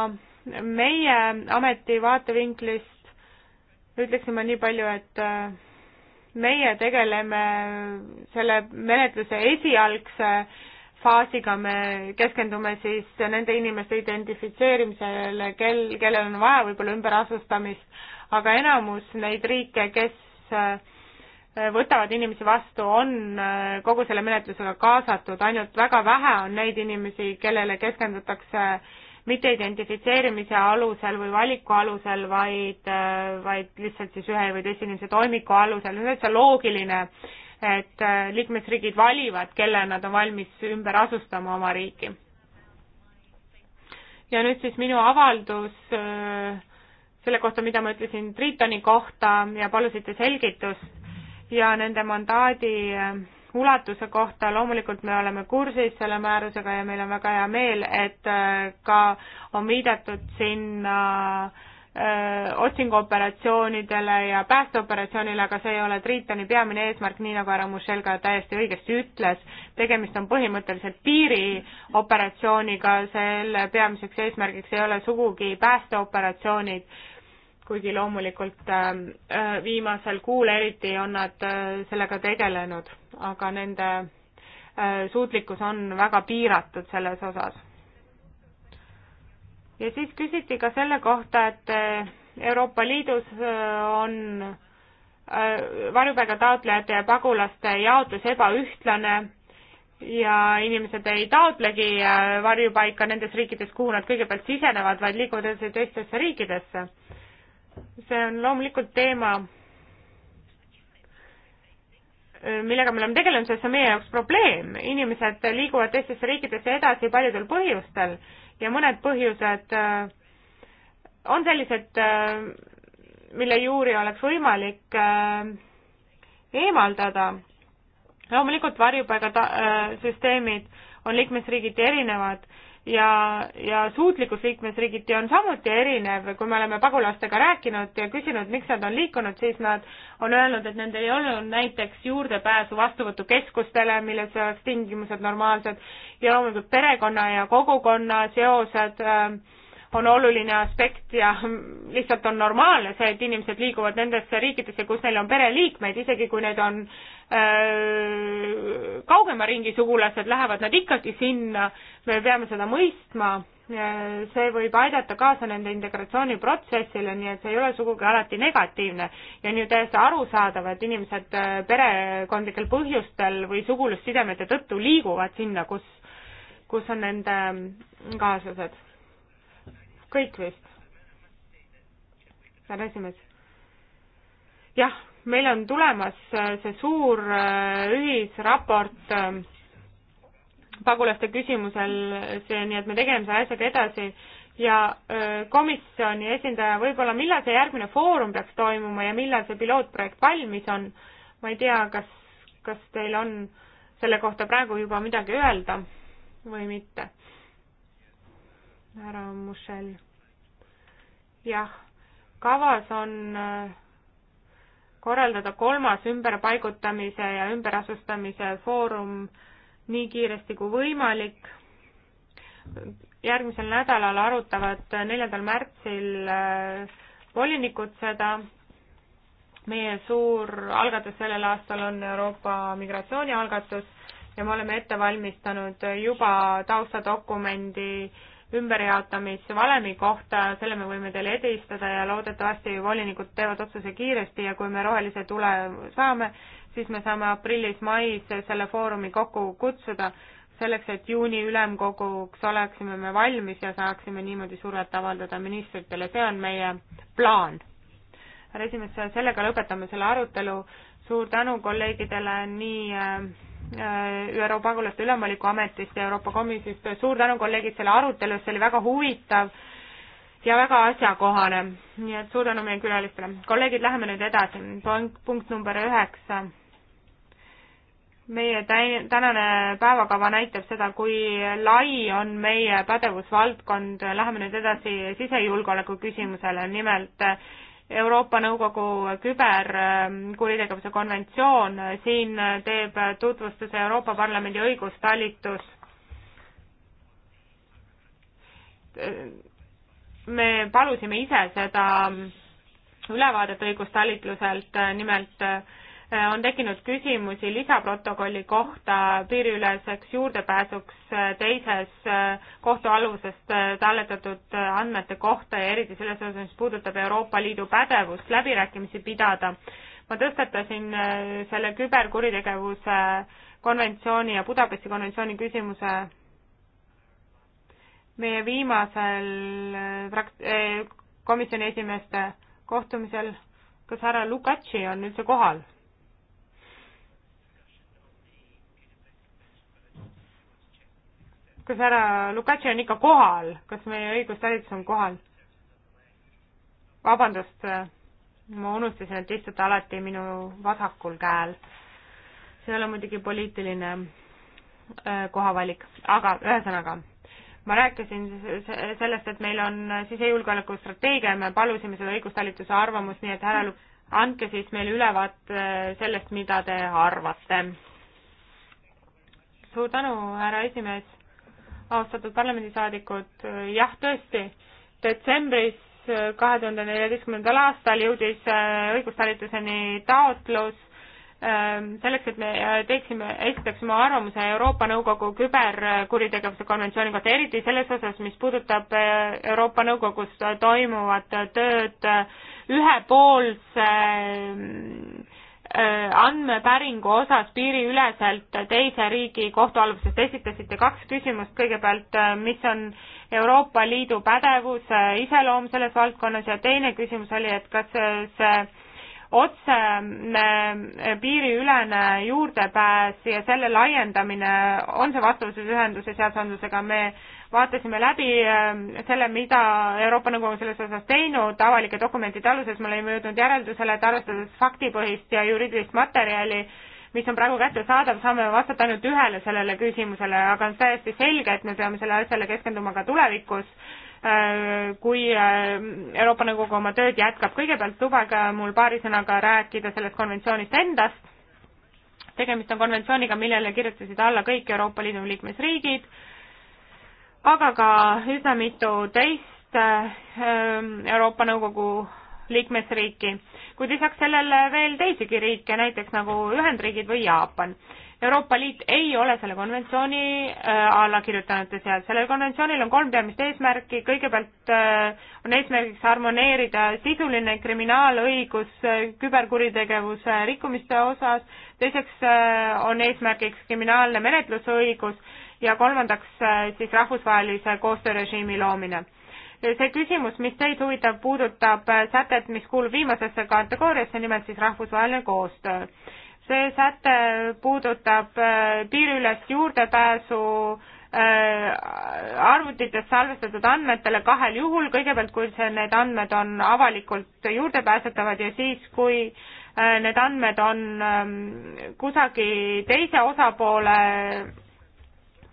meie ameti vaatevinklist ütleksime nii palju, et äh, meie tegeleme selle menetluse esialgse äh, faasiga me keskendume siis nende inimeste identifitseerimisele, kel, kellel on vaja võib-olla ümberasustamist, aga enamus neid riike, kes äh, võtavad inimesi vastu, on äh, kogu selle menetlusega kaasatud, ainult väga vähe on neid inimesi, kellele keskendutakse mitte identifitseerimise alusel või valiku alusel, vaid, äh, vaid lihtsalt siis ühe või teise inimese toimiku alusel, see on täitsa loogiline äh, et äh, liikmesriigid valivad, kelle nad on valmis ümber asustama oma riiki. ja nüüd siis minu avaldus äh, selle kohta, mida ma ütlesin Tritoni kohta ja palusite selgitust ja nende mandaadi äh, ulatuse kohta loomulikult me oleme kursis selle määrusega ja meil on väga hea meel, et ka on viidatud sinna äh, Äh, otsinguoperatsioonidele ja päästeoperatsioonile, aga see ei ole Tritoni peamine eesmärk, nii nagu härra Mušel ka täiesti õigesti ütles. tegemist on põhimõtteliselt piirioperatsiooniga, selle peamiseks eesmärgiks ei ole sugugi päästeoperatsioonid, kuigi loomulikult äh, äh, viimasel kuul eriti on nad sellega tegelenud, aga nende suutlikkus on väga piiratud selles osas ja siis küsiti ka selle kohta, et äh, Euroopa Liidus äh, on äh, varjupaiga taotlejate ja pagulaste jaotus ebaühtlane ja inimesed ei taotlegi varjupaika nendes riikides, kuhu nad kõigepealt sisenevad, vaid liiguvad edasi teistesse riikidesse. see on loomulikult teema, millega me oleme tegelenud, sest see on meie jaoks probleem. inimesed liiguvad teistesse riikidesse edasi paljudel põhjustel ja mõned põhjused äh, on sellised, äh, mille juuri oleks võimalik äh, eemaldada. loomulikult varjupaigasüsteemid on liikmesriigiti erinevad ja, ja suutlikkus liikmesriigiti on samuti erinev, kui me oleme pagulastega rääkinud ja küsinud, miks nad on liikunud, siis nad on öelnud, et nendel ei olnud näiteks juurdepääsu vastuvõtukeskustele, milles oleks tingimused normaalsed ja loomulikult perekonna ja kogukonna seosed ähm, on oluline aspekt ja lihtsalt on normaalne see, et inimesed liiguvad nendesse riikidesse, kus neil on pereliikmeid, isegi kui need on Äh, kaugema ringi sugulased, lähevad nad ikkagi sinna, me peame seda mõistma, äh, see võib aidata kaasa nende integratsiooniprotsessile, nii et see ei ole sugugi alati negatiivne ja on ju täiesti arusaadav, et inimesed äh, perekondlikel põhjustel või sugulussidemete tõttu liiguvad sinna, kus, kus on nende mm, kaaslased. kõik vist? härra esimees? jah meil on tulemas äh, see suur äh, ühisraport äh, pagulaste küsimusel, see, nii et me tegeleme selle asjaga edasi ja komisjoni esindaja, võib-olla millal see järgmine foorum peaks toimuma ja millal see pilootprojekt valmis on, ma ei tea, kas, kas teil on selle kohta praegu juba midagi öelda või mitte? härra Mušel. jah, kavas on äh, korraldada kolmas ümberpaigutamise ja ümberasustamise foorum nii kiiresti kui võimalik. järgmisel nädalal arutavad neljandal märtsil äh, volinikud seda. meie suur algatus sellel aastal on Euroopa migratsioonialgatus ja me oleme ette valmistanud juba taustadokumendi äh, ümberjaotamisvalemi kohta, selle me võime teile edistada ja loodetavasti volinikud teevad otsuse kiiresti ja kui me rohelise tule saame, siis me saame aprillis-mais selle foorumi kokku kutsuda, selleks et juuni ülemkoguks oleksime me valmis ja saaksime niimoodi survet avaldada ministritele, see on meie plaan. härra esimees, sellega lõpetame selle arutelu, suur tänu kolleegidele nii äh, Äh, ÜRO pagulaste ülemvoliku ametist ja Euroopa Komisjonist. suur tänu, kolleegid, selle arutelu eest, see oli väga huvitav ja väga asjakohane. nii et suur tänu meie külalistele. kolleegid, läheme nüüd edasi. punkt number üheksa. meie tänane päevakava näitab seda, kui lai on meie pädevusvaldkond. Läheme nüüd edasi sisejulgeoleku küsimusele, nimelt Euroopa Nõukogu küberkuritegevuse konventsioon, siin teeb tutvustuse Euroopa Parlamendi õigustalitus. me palusime ise seda ülevaadet õigustalitluselt, nimelt Äh, on tekkinud küsimusi lisaprotokolli kohta piiriüleseks juurdepääsuks äh, teises äh, kohtualusest talletatud andmete kohta ja eriti selles osas, mis puudutab Euroopa Liidu pädevust läbirääkimisi pidada. ma tõstatasin selle küberkuritegevuse konventsiooni ja Budapesti konventsiooni küsimuse meie viimasel frakt-, komisjoni esimeeste kohtumisel, kas härra Lukatši on üldse kohal? kas härra Lukatši on ikka kohal, kas meie õigustalitus on kohal? vabandust, ma unustasin, et istute alati minu vasakul käel. see ei ole muidugi poliitiline äh, kohavalik, aga ühesõnaga, ma rääkisin sellest, et meil on sisejulgeoleku strateegia ja me palusime seda õigustalituse arvamust, nii et härra Luk-, andke siis meile ülevaate äh, sellest, mida te arvate. suur tänu, härra esimees austatud parlamendisaadikud, jah, tõesti, detsembris äh, kahe tuhande neljateistkümnendal aastal jõudis äh, õigustalituseni taotlus ähm, selleks, et me äh, teeksime, esitaksime arvamuse Euroopa Nõukogu küberkuritegevuse konventsiooni kohta, eriti selles osas, mis puudutab Euroopa Nõukogus toimuvat tööd ühepoolse äh, Äh, andmepäringu osas piiriüleselt teise riigi kohtualustest esitasite kaks küsimust, kõigepealt, äh, mis on Euroopa Liidu pädevus, äh, iseloom selles valdkonnas ja teine küsimus oli, et kas see otsene piiriülene juurdepääs ja selle laiendamine on see vastavuses ühenduse seadusandlusega, me vaatasime läbi ähm, selle, mida Euroopa Nõukogu selles osas teinud avalike dokumentide aluses, me olime jõudnud järeldusele, et arvestades faktipõhist ja juriidilist materjali, mis on praegu kättesaadav, saame vastata ainult ühele sellele küsimusele, aga on täiesti selge, et me peame sellele asjale keskenduma ka tulevikus, äh, kui äh, Euroopa Nõukogu oma tööd jätkab. kõigepealt lubage mul paari sõnaga rääkida sellest konventsioonist endast. tegemist on konventsiooniga, millele kirjutasid alla kõik Euroopa Liidu liikmesriigid aga ka üsna mitu teist ähm, Euroopa Nõukogu liikmesriiki, kuid lisaks sellele veel teisigi riike, näiteks nagu Ühendriigid või Jaapan. Euroopa Liit ei ole selle konventsiooni äh, allakirjutanute seas, sellel konventsioonil on kolm peamist eesmärki, kõigepealt äh, on eesmärgiks harmoneerida sisuline kriminaalõigus äh, küberkuritegevuse rikkumiste osas, teiseks on eesmärgiks kriminaalne menetlusõigus ja kolmandaks äh, siis rahvusvahelise koostöörežiimi loomine. see küsimus, mis teid huvitab, puudutab äh, sätet, mis kuulub viimasesse kategooriasse, nimelt siis rahvusvaheline koostöö. see säte puudutab äh, piiriülest juurdepääsu arvutites salvestatud andmetele kahel juhul, kõigepealt, kui see, need andmed on avalikult juurdepääsetavad ja siis, kui need andmed on ähm, kusagil teise osapoole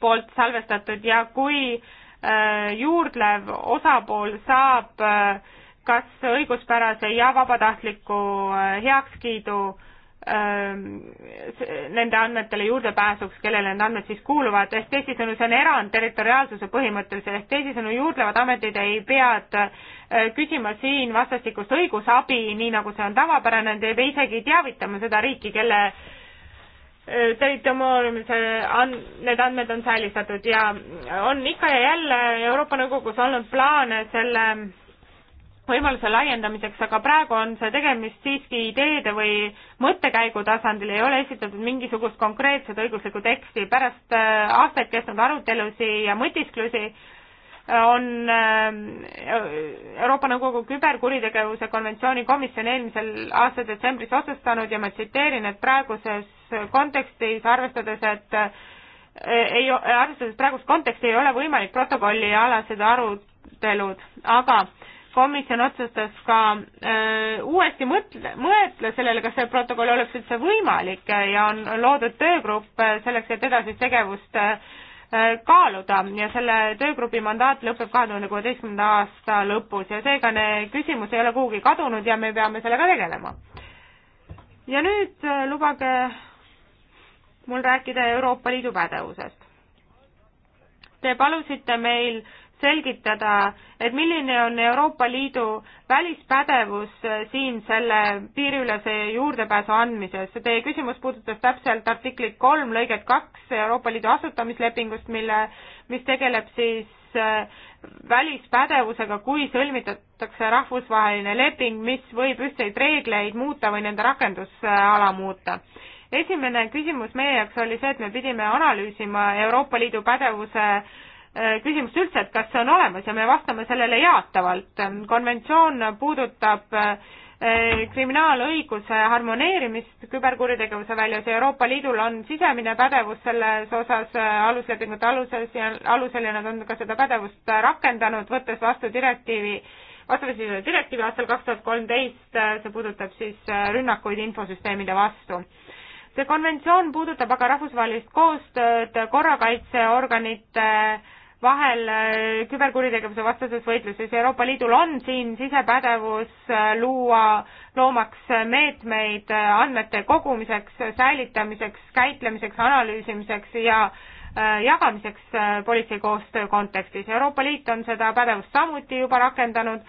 poolt salvestatud ja kui äh, juurdlev osapool saab äh, kas õiguspärase ja vabatahtliku äh, heakskiidu ähm, nende andmetele juurdepääsuks, kellele need andmed siis kuuluvad, ehk teisisõnu, see on erand territoriaalsuse põhimõttelisele, ehk teisisõnu, juurdlevad ametid ei pea küsima siin vastastikust õigusabi, nii nagu see on tavapärane, nad ei pea isegi teavitama seda riiki, kelle äh, Äh, territooriumis an-, need andmed on säilistatud ja on ikka ja jälle Euroopa Nõukogus olnud plaane selle võimaluse laiendamiseks, aga praegu on see tegemist siiski ideede või mõttekäigu tasandil, ei ole esitatud mingisugust konkreetset õiguslikku teksti. pärast äh, aastaid kestnud arutelusi ja mõtisklusi on äh, Euroopa Nõukogu küberkuritegevuse konventsiooni komisjon eelmisel aasta detsembris otsustanud ja ma tsiteerin, et praeguses kontekstis, arvestades, et eh, ei, arvestades praegust konteksti, ei ole võimalik protokollialased arutelud, aga komisjon otsustas ka öö, eh, uuesti mõtle, mõetle sellele, kas see protokoll oleks üldse võimalik ja on loodud töögrupp eh, selleks, et edasist tegevust öö, kaaluda ja selle töögrupi mandaat lõpeb kahe tuhande kuueteistkümnenda aasta lõpus ja seega küsimus ei ole kuhugi kadunud ja me peame sellega tegelema. ja nüüd lubage mul rääkida Euroopa Liidu pädevusest. Te palusite meil selgitada, et milline on Euroopa Liidu välispädevus äh, siin selle piiriülese juurdepääsu andmises. Teie küsimus puudutas täpselt artiklit kolm lõiget kaks Euroopa Liidu asutamislepingust, mille, mis tegeleb siis äh, välispädevusega, kui sõlmitakse rahvusvaheline leping, mis võib ühtseid reegleid muuta või nende rakendusala muuta esimene küsimus meie jaoks oli see, et me pidime analüüsima Euroopa Liidu pädevuse äh, küsimust üldse, et kas see on olemas ja me vastame sellele jaatavalt. konventsioon puudutab äh, kriminaalõiguse harmoneerimist küberkuritegevuse väljas ja Euroopa Liidul on sisemine pädevus selles osas äh, aluslepingute aluses ja alusel ja nad on ka seda pädevust rakendanud, võttes vastu direktiivi, vastavasisuline direktiivi aastal kaks tuhat kolmteist, see puudutab siis rünnakuid infosüsteemide vastu see konventsioon puudutab aga rahvusvahelist koostööd korrakaitseorganite vahel äh, küberkuritegevuse vastases võitluses. Euroopa Liidul on siin sisepädevus äh, luua, loomaks meetmeid äh, andmete kogumiseks, säilitamiseks, käitlemiseks, analüüsimiseks ja jagamiseks politsei koostöö kontekstis. Euroopa Liit on seda pädevust samuti juba rakendanud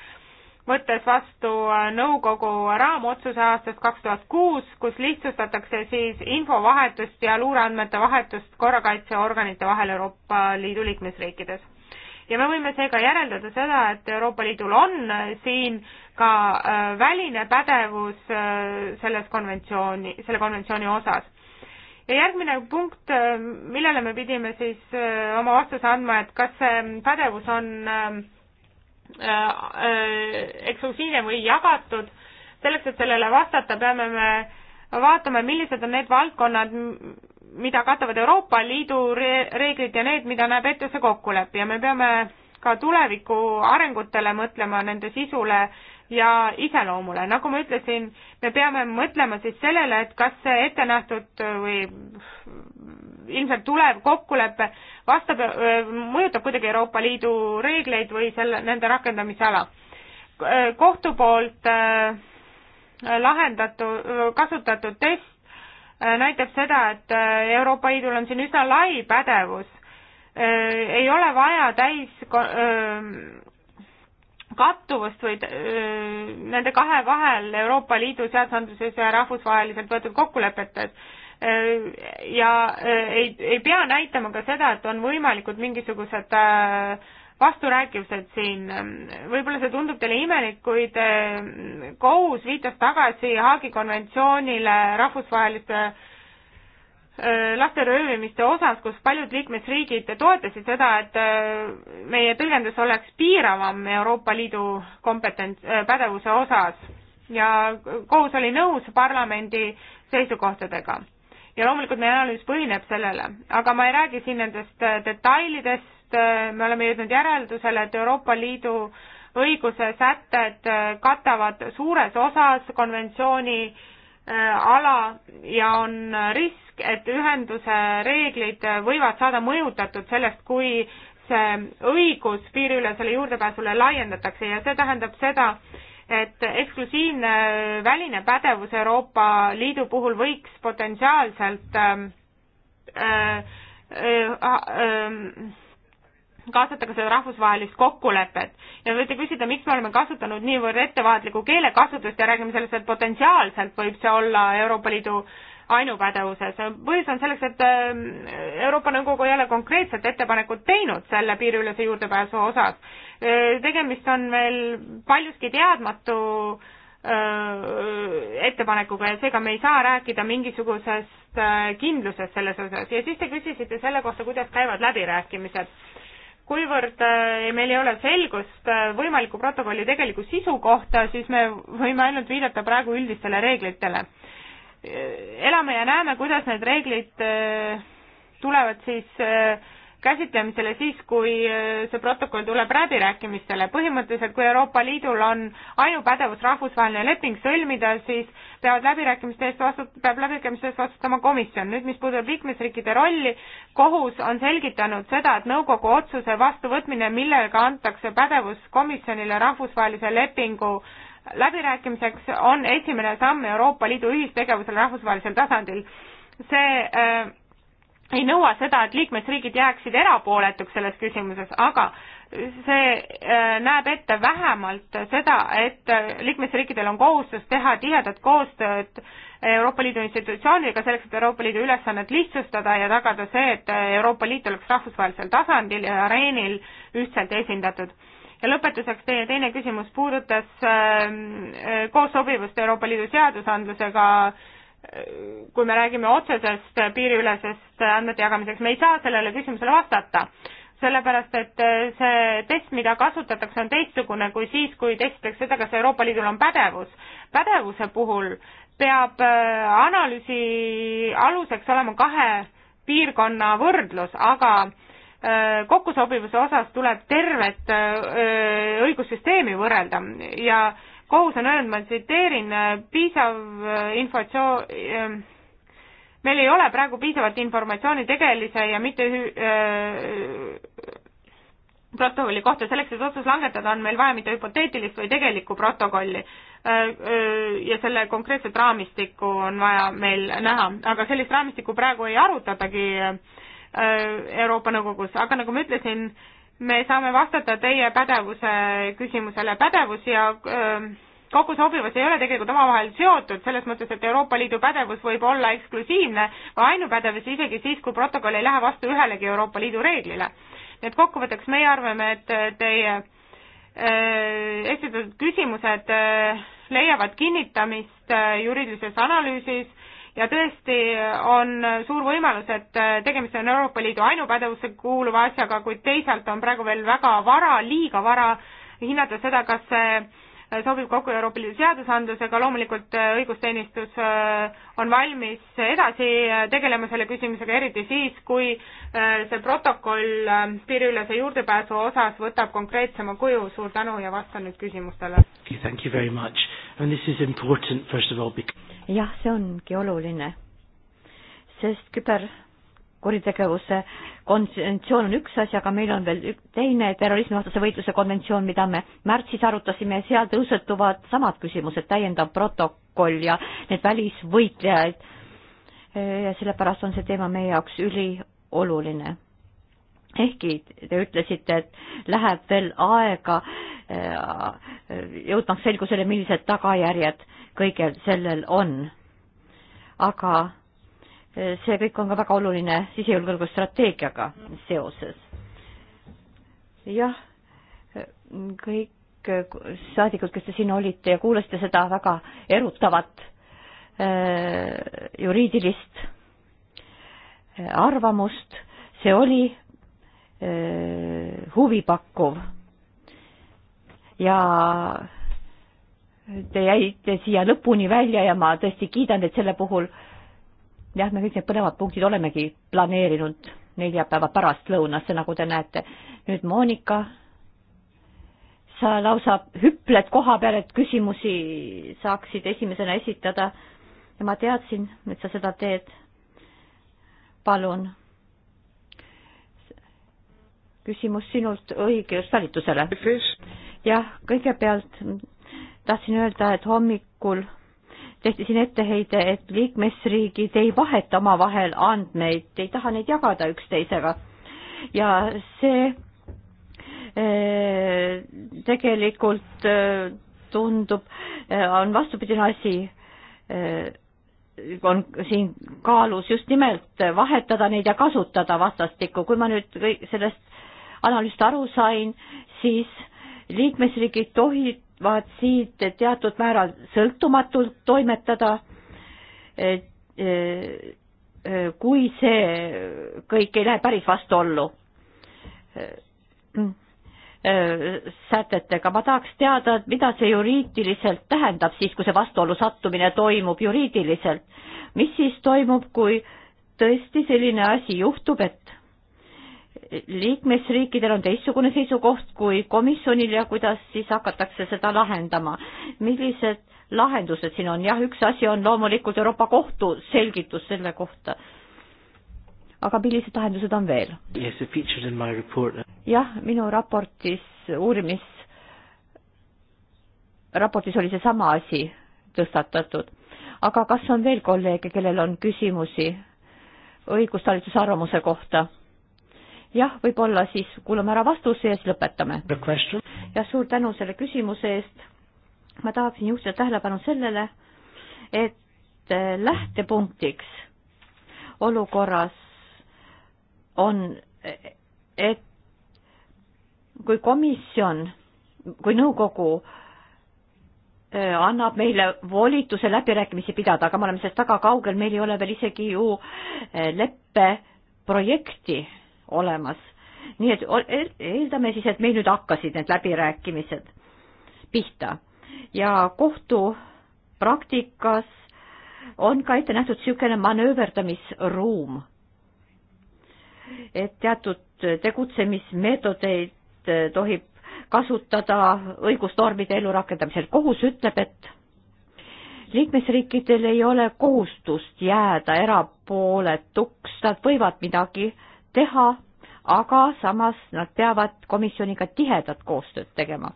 võttes vastu äh, nõukogu raamotsuse aastast kaks tuhat kuus, kus lihtsustatakse siis infovahetust ja luureandmete vahetust korrakaitseorganite vahel Euroopa Liidu liikmesriikides. ja me võime seega järeldada seda, et Euroopa Liidul on äh, siin ka äh, väline pädevus selles konventsiooni, selle konventsiooni osas ja järgmine punkt, millele me pidime siis oma vastuse andma, et kas see pädevus on äh, Äh, äh, eksklusiivne või jagatud. selleks, et sellele vastata, peame me vaatame, millised on need valdkonnad, mida katavad Euroopa Liidu reeglid ja need, mida näeb ette see kokkulepe ja me peame ka tuleviku arengutele mõtlema, nende sisule ja iseloomule. nagu ma ütlesin, me peame mõtlema siis sellele, et kas see ettenähtud või ilmselt tulev kokkulepe vastab, mõjutab kuidagi Euroopa Liidu reegleid või selle, nende rakendamisala. kohtu poolt lahendatu, kasutatud test näitab seda, et Euroopa Liidul on siin üsna lai pädevus. ei ole vaja täis kattuvust või nende kahe vahel Euroopa Liidu seadusandluses ja rahvusvaheliselt võetud kokkulepetes ja äh, ei, ei pea näitama ka seda, et on võimalikud mingisugused äh, vasturääkivused siin, võib-olla see tundub teile imelik, kuid äh, kohus viitas tagasi Haagi konventsioonile rahvusvaheliste laste röövimiste osas, kus paljud liikmesriigid toetasid seda, et meie tõlgendus oleks piiravam Euroopa Liidu kompetents, pädevuse osas ja kohus oli nõus parlamendi seisukohtadega ja loomulikult meie analüüs põhineb sellele, aga ma ei räägi siin nendest äh, detailidest, äh, me oleme jõudnud järeldusele, et Euroopa Liidu õiguse sätted äh, katavad suures osas konventsiooni ala ja on risk, et ühenduse reeglid võivad saada mõjutatud sellest, kui see õigus piiriülesele juurdepääsule laiendatakse ja see tähendab seda, et eksklusiivne väline pädevus Euroopa Liidu puhul võiks potentsiaalselt ähm, äh, äh, ähm, kaasata ka seda rahvusvahelist kokkulepet ja võite küsida, miks me oleme kasutanud niivõrd ettevaatlikku keelekasutust ja räägime sellest, et potentsiaalselt võib see olla Euroopa Liidu äh, ainupädevuses. põhjus on selleks, et äh, Euroopa Nõukogu ei ole konkreetset ettepanekut teinud selle piiriülese juurdepääsu osas. Äh, tegemist on veel paljuski teadmatu äh, ettepanekuga ja seega me ei saa rääkida mingisugusest kindlusest selles osas ja siis te küsisite selle kohta, kuidas käivad läbirääkimised. kuivõrd meil ei ole selgust võimaliku protokolli tegeliku sisu kohta, siis me võime ainult viidata praegu üldistele reeglitele. Äh, elame ja näeme, kuidas need reeglid äh, tulevad siis äh, käsitlemisele siis, kui see protokoll tuleb läbirääkimistele. põhimõtteliselt, kui Euroopa Liidul on ainupädevus rahvusvaheline leping sõlmida, siis peavad läbirääkimiste eest vastut-, peab läbirääkimiste eest vastutama komisjon. nüüd, mis puudutab liikmesriikide rolli, kohus on selgitanud seda, et nõukogu otsuse vastuvõtmine, millega antakse pädevus komisjonile rahvusvahelise lepingu äh, läbirääkimiseks on esimene samm Euroopa Liidu ühistegevusel rahvusvahelisel tasandil. see äh, ei nõua seda, et liikmesriigid jääksid erapooletuks selles küsimuses, aga see äh, näeb ette vähemalt seda, et liikmesriikidel on kohustus teha tihedat koostööd Euroopa Liidu institutsiooniga selleks, et Euroopa Liidu ülesannet lihtsustada ja tagada see, et Euroopa Liit oleks rahvusvahelisel tasandil ja areenil ühtselt esindatud ja lõpetuseks teie teine küsimus puudutas ähm, äh, koos sobivust Euroopa Liidu seadusandlusega äh, kui me räägime otsesest piiriülesest andmete jagamiseks, me ei saa sellele küsimusele vastata, sellepärast et äh, see test, mida kasutatakse, on teistsugune kui siis, kui testitakse seda, kas Euroopa Liidul on pädevus. pädevuse puhul peab analüüsi aluseks olema kahe piirkonna võrdlus, aga Äh, kokkusobivuse osas tuleb tervet äh, õigussüsteemi võrrelda ja kohus on öelnud, ma tsiteerin, äh, piisav informatsioon, meil ei ole praegu piisavalt informatsiooni tegelise ja mitte protokolli kohta, selleks, et otsus langetada, on meil vaja mitte hüpoteetilist või tegelikku protokolli. ja selle konkreetset raamistikku on vaja meil näha, aga sellist raamistikku praegu ei arutatagi äh, Äh, Euroopa Nõukogus, aga nagu ma ütlesin, me saame vastata teie pädevuse küsimusele, pädevus ja äh, kogu sobivus ei ole tegelikult omavahel seotud, selles mõttes, et Euroopa Liidu pädevus võib olla eksklusiivne või ainupädevus isegi siis, kui protokoll ei lähe vastu ühelegi Euroopa Liidu reeglile. nii et kokkuvõtteks meie arvame, et äh, teie esitatud küsimused leiavad kinnitamist juriidilises analüüsis ja tõesti on suur võimalus, et äh, tegemist on Euroopa Liidu ainupädevusse kuuluva asjaga, kuid teisalt on praegu veel väga vara, liiga vara hinnata seda, kas see Äh, sobib kokku Euroopa Liidu seadusandlusega, loomulikult äh, õigusteenistus äh, on valmis edasi tegelema selle küsimusega, eriti siis, kui see protokoll piiriülese juurdepääsu osas võtab konkreetsema kuju. suur tänu ja vastan nüüd küsimustele. jah, see ongi oluline, sest küber kuritegevusse konventsioon on üks asi, aga meil on veel teine terrorismivastase võitluse konventsioon, mida me märtsis arutasime ja seal tõusetuvad samad küsimused, täiendav protokoll ja need välisvõitlejad. ja sellepärast on see teema meie jaoks ülioluline. ehkki te ütlesite, et läheb veel aega eh, jõudmaks selgusele, millised tagajärjed kõigel sellel on. aga see kõik on ka väga oluline sisejulgeolekustrateegiaga seoses. jah, kõik saadikud, kes te siin olite ja kuulasite seda väga erutavat äh, juriidilist äh, arvamust, see oli äh, huvipakkuv. ja te jäite siia lõpuni välja ja ma tõesti kiidan teid selle puhul jah, me kõik need põnevad punktid olemegi planeerinud neljapäeva pärastlõunasse, nagu te näete. nüüd Monika, sa lausa hüpled koha peal, et küsimusi saaksid esimesena esitada ja ma teadsin, et sa seda teed. palun. küsimus sinult õigeuskalitusele. jah, kõigepealt tahtsin öelda, et hommikul tehti siin etteheide, et liikmesriigid ei vaheta omavahel andmeid, ei taha neid jagada üksteisega. ja see eh, tegelikult eh, tundub, eh, on vastupidine asi, on siin kaalus just nimelt vahetada neid ja kasutada vastastikku. kui ma nüüd kõik sellest analüüsist aru sain, siis liikmesriigid tohid saavad siit teatud määral sõltumatult toimetada, eh, eh, kui see kõik ei lähe päris vastuollu eh, sätetega. ma tahaks teada, et mida see juriidiliselt tähendab siis, kui see vastuollu sattumine toimub juriidiliselt. mis siis toimub, kui tõesti selline asi juhtub, et liikmesriikidel on teistsugune seisukoht kui komisjonil ja kuidas siis hakatakse seda lahendama. millised lahendused siin on, jah, üks asi on loomulikult Euroopa Kohtu selgitus selle kohta. aga millised lahendused on veel? jah, minu raportis, uurimis, raportis oli seesama asi tõstatatud. aga kas on veel kolleege, kellel on küsimusi õigustalituse arvamuse kohta? jah, võib-olla siis kuulame ära vastuse ja siis lõpetame. jah, suur tänu selle küsimuse eest. ma tahaksin juhtida tähelepanu sellele, et eh, lähtepunktiks olukorras on, eh, et kui komisjon, kui nõukogu eh, annab meile volituse läbirääkimisi pidada, aga me oleme sellest väga kaugel, meil ei ole veel isegi ju leppeprojekti olemas. nii et e- eeldame siis, et meil nüüd hakkasid need läbirääkimised pihta ja kohtupraktikas on ka ette nähtud niisugune manööverdamisruum, et teatud tegutsemismeetodeid eh, tohib kasutada õigusnormide ellurakendamisel. kohus ütleb, et liikmesriikidel ei ole kohustust jääda erapooletuks, nad võivad midagi teha, aga samas nad peavad komisjoniga tihedat koostööd tegema.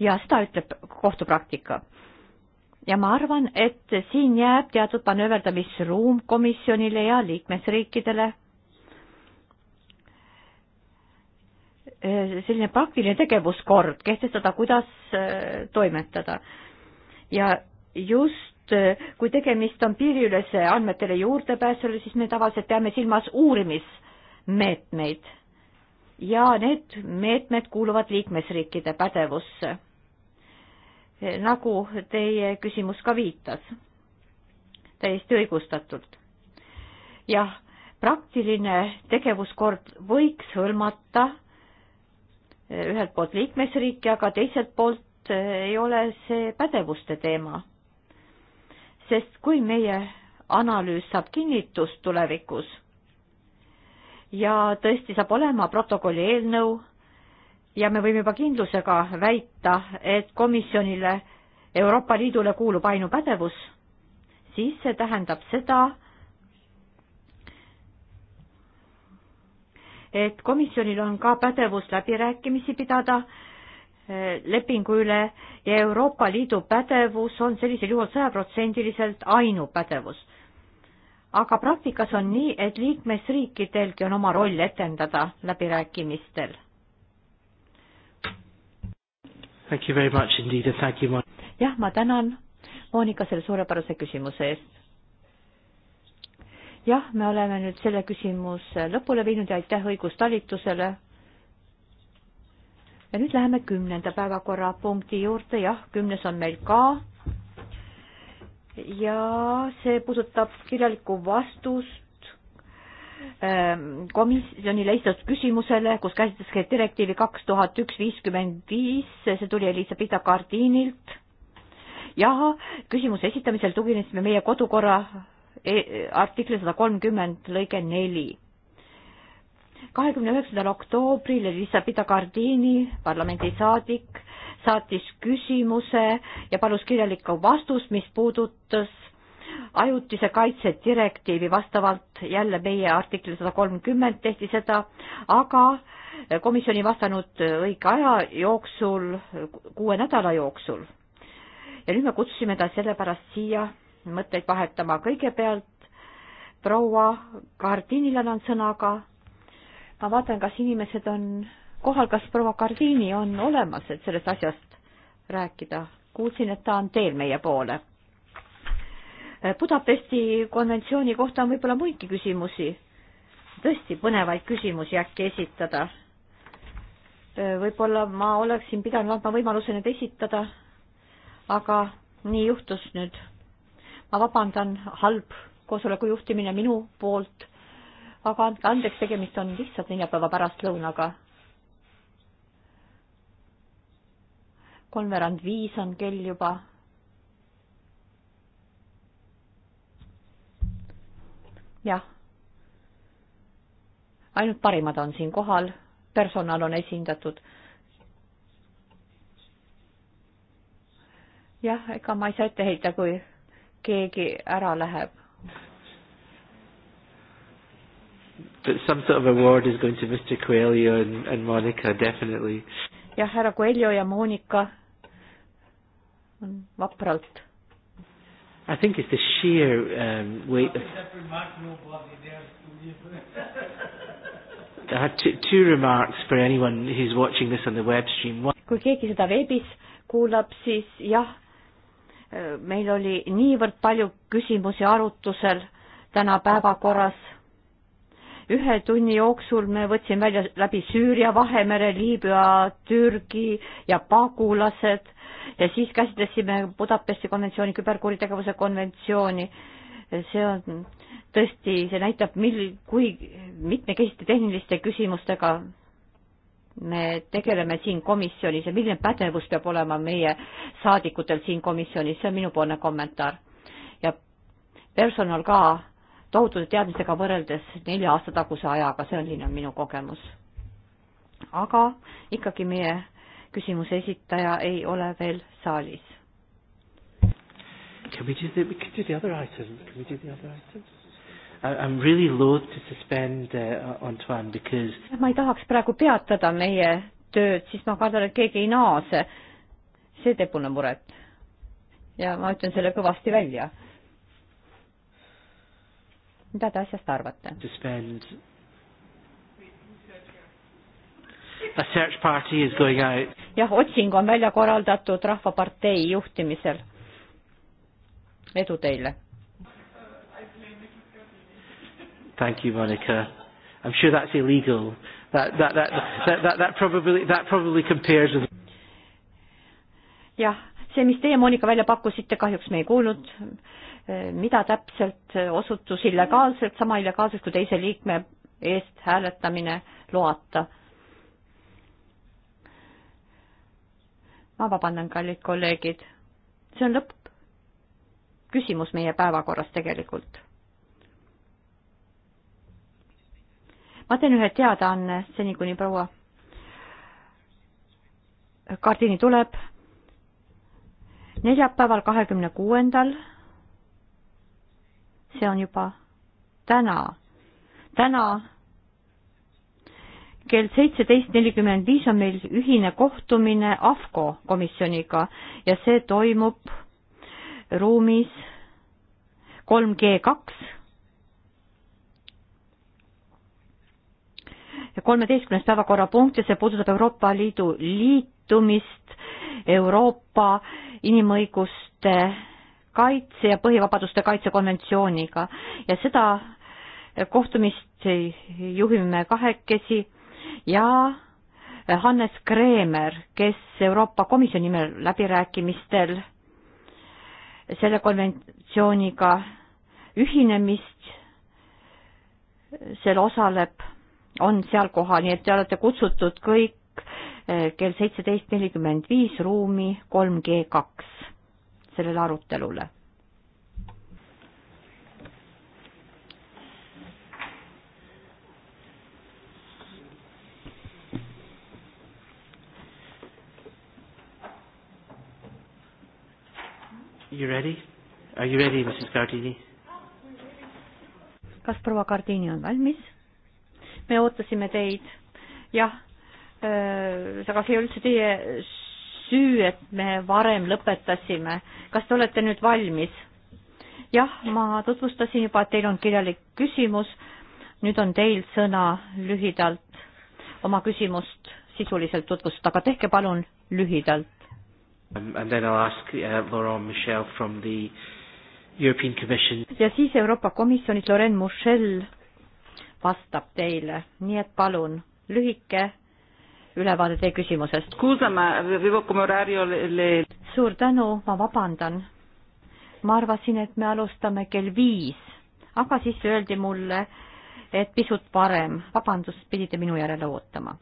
ja seda ütleb kohtupraktika. ja ma arvan, et siin jääb teatud manööverdamisruum komisjonile ja liikmesriikidele. selline praktiline tegevuskord kehtestada, kuidas eh, toimetada. ja just Eh, kui tegemist on piiriülese andmetele juurdepääsule, siis me tavaliselt peame silmas uurimismeetmeid ja need meetmed kuuluvad liikmesriikide pädevusse, eh, nagu teie küsimus ka viitas, täiesti õigustatult. jah, praktiline tegevuskord võiks hõlmata eh, ühelt poolt liikmesriiki, aga teiselt poolt ei ole see pädevuste teema sest kui meie analüüs saab kinnitust tulevikus ja tõesti saab olema protokolli eelnõu ja me võime juba kindlusega väita, et komisjonile, Euroopa Liidule kuulub ainupädevus, siis see tähendab seda, et komisjonil on ka pädevus läbirääkimisi pidada lepingu üle ja Euroopa Liidu pädevus on sellisel juhul sajaprotsendiliselt ainupädevus. aga praktikas on nii, et liikmesriikidelgi on oma roll etendada läbirääkimistel. jah, ma tänan, Monika, selle suurepärase küsimuse eest jah, me oleme nüüd selle küsimuse lõpule viinud ja aitäh õigustalitusele ja nüüd läheme kümnenda päevakorrapunkti juurde, jah, kümnes on meil ka. ja see puudutab kirjalikku vastust ähm, komisjonile esitatud küsimusele, kus käsitles ka direktiivi kaks tuhat üks viiskümmend viis, see tuli Elizabeth Gardiinilt. jah, küsimuse esitamisel tuginesime meie kodukorra e-, artikli sada kolmkümmend lõige neli kahekümne üheksandal oktoobril Elisabetta Gardini, parlamendisaadik, saatis küsimuse ja palus kirjalikku vastust, mis puudutas ajutise kaitse direktiivi vastavalt jälle meie artikli sada kolmkümmend tehti seda, aga komisjon ei vastanud õige aja jooksul, kuue nädala jooksul. ja nüüd me kutsusime ta sellepärast siia mõtteid vahetama. kõigepealt proua Gardinil annan sõnaga ma vaatan, kas inimesed on kohal, kas proua Kardini on olemas, et sellest asjast rääkida. kuulsin, et ta on teel meie poole. Budapesti konventsiooni kohta on võib-olla muidki küsimusi, tõesti põnevaid küsimusi äkki esitada. võib-olla ma oleksin pidanud andma võimaluse need esitada, aga nii juhtus nüüd. ma vabandan, halb koosoleku juhtimine minu poolt aga andke andeks, tegemist on lihtsalt neljapäeva pärastlõunaga. kolmveerand viis on kell juba. jah. ainult parimad on siin kohal, personal on esindatud jah, ega ma ei saa ette heita, kui keegi ära läheb. But some sort of award is going to Mr Coelho and, and Monica, definitely. jah, härra Coelho ja Monika on vapralt. I think it's the sheer um, weight of. I had two, two remarks for anyone who's watching this on the web stream. One... kui keegi seda veebis kuulab, siis jah, meil oli niivõrd palju küsimusi arutusel täna päevakorras ühe tunni jooksul me võtsime välja läbi Süüria, Vahemere, Liibüa, Türgi ja pagulased ja siis käsitlesime Budapesti konventsiooni, küberkuritegevuse konventsiooni. see on tõesti, see näitab, mil-, kui mitmekesiste tehniliste küsimustega me tegeleme siin komisjonis ja milline pädevus peab olema meie saadikutel siin komisjonis, see on minupoolne kommentaar. ja personal ka tohutute teadmistega võrreldes nelja aasta taguse ajaga, selline on minu kogemus. aga ikkagi meie küsimuse esitaja ei ole veel saalis. Can we do the, we could do the other item, can we do the other item? I'm really loath to suspend uh, Antoine because ma ei tahaks praegu peatada meie tööd, siis ma kardan, et keegi ei naase. see teeb mulle muret. ja ma ütlen selle kõvasti välja mida te asjast arvate? jah, otsing on välja korraldatud Rahvapartei juhtimisel. edu teile! Thank you, Monica. I'm sure that's illegal. That, that, that, that, that, that, probably, that probably compares with... jah, see, mis teie, Monika, välja pakkusite, kahjuks me ei kuulnud mida täpselt osutus illegaalselt, sama illegaalselt kui teise liikme eest hääletamine loata. ma vabandan, kallid kolleegid, see on lõppküsimus meie päevakorras tegelikult. ma teen ühe teadaanne seni, kuni proua Kardini tuleb neljapäeval, kahekümne kuuendal see on juba täna. täna kell seitseteist nelikümmend viis on meil ühine kohtumine AFCO komisjoniga ja see toimub ruumis kolm G kaks. ja kolmeteistkümnes päevakorrapunkt ja see puudutab Euroopa Liidu liitumist Euroopa inimõiguste kaitse ja põhivabaduste kaitse konventsiooniga ja seda kohtumist juhime kahekesi ja Hannes Kreemer, kes Euroopa Komisjoni nimel läbirääkimistel selle konventsiooniga ühinemist seal osaleb, on seal kohal, nii et te olete kutsutud kõik eh, kell seitseteist nelikümmend viis ruumi kolm G kaks sellele arutelule. You ready? Are you ready, Mrs Gardini? kas proua Gardini on valmis? me ootasime teid. jah, äh, see kas ei ole üldse teie süü, et me varem lõpetasime. kas te olete nüüd valmis? jah, ma tutvustasin juba, et teil on kirjalik küsimus. nüüd on teil sõna lühidalt oma küsimust sisuliselt tutvustada, aga tehke palun lühidalt. Um, and then I'll ask uh, Laurent Michel from the European Commission. ja siis Euroopa Komisjonis Laurent Michel vastab teile, nii et palun, lühike ülevaade teie küsimusest. suur tänu, ma vabandan. ma arvasin, et me alustame kell viis, aga siis öeldi mulle, et pisut varem, vabandust, pidite minu järele ootama.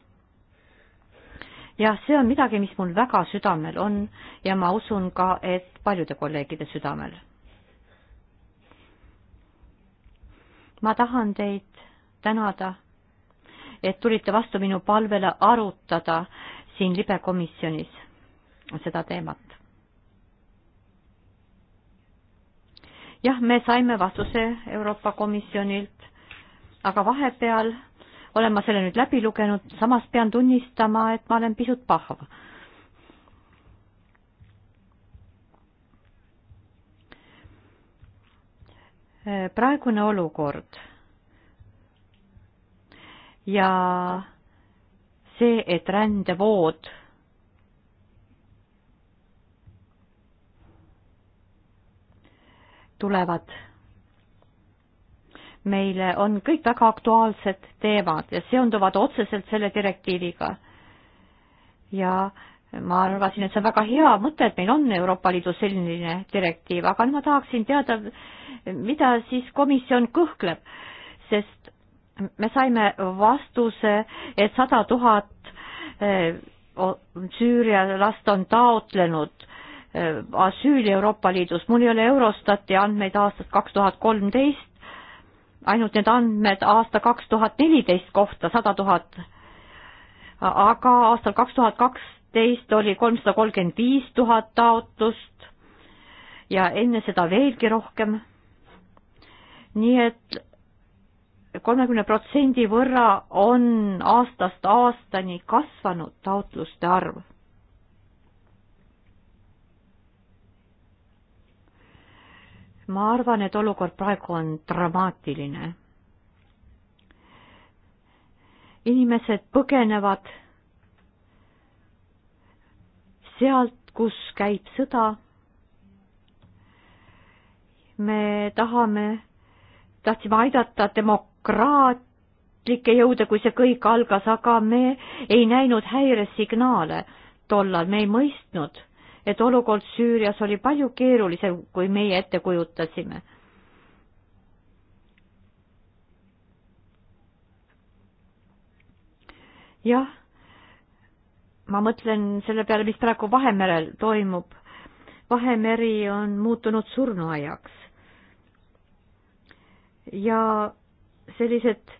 jah, see on midagi, mis mul väga südamel on ja ma usun ka, et paljude kolleegide südamel. ma tahan teid tänada et tulite vastu minu palvele arutada siin libekomisjonis seda teemat. jah, me saime vastuse Euroopa Komisjonilt, aga vahepeal olen ma selle nüüd läbi lugenud, samas pean tunnistama, et ma olen pisut pahav praegune olukord ja see, et rändevood tulevad meile, on kõik väga aktuaalsed teemad ja seonduvad otseselt selle direktiiviga. ja ma arvasin, et see on väga hea mõte, et meil on Euroopa Liidus selline direktiiv, aga nüüd ma tahaksin teada, mida siis komisjon kõhkleb, sest me saime vastuse, et sada tuhat eh, Süüria last on taotlenud eh, asüüli Euroopa Liidus, mul ei ole Eurostati andmeid aastast kaks tuhat kolmteist, ainult need andmed aasta kaks tuhat neliteist kohta, sada tuhat, aga aastal kaks tuhat kaksteist oli kolmsada kolmkümmend viis tuhat taotlust ja enne seda veelgi rohkem. nii et kolmekümne protsendi võrra on aastast aastani kasvanud taotluste arv. ma arvan, et olukord praegu on dramaatiline. inimesed põgenevad sealt, kus käib sõda. me tahame, tahtsime aidata demok-, demokraatlikke jõude, kui see kõik algas, aga me ei näinud häiresignaale tollal, me ei mõistnud, et olukord Süürias oli palju keerulisem, kui meie ette kujutasime. jah, ma mõtlen selle peale, mis praegu Vahemerel toimub. Vahemeri on muutunud surnuaiaks ja sellised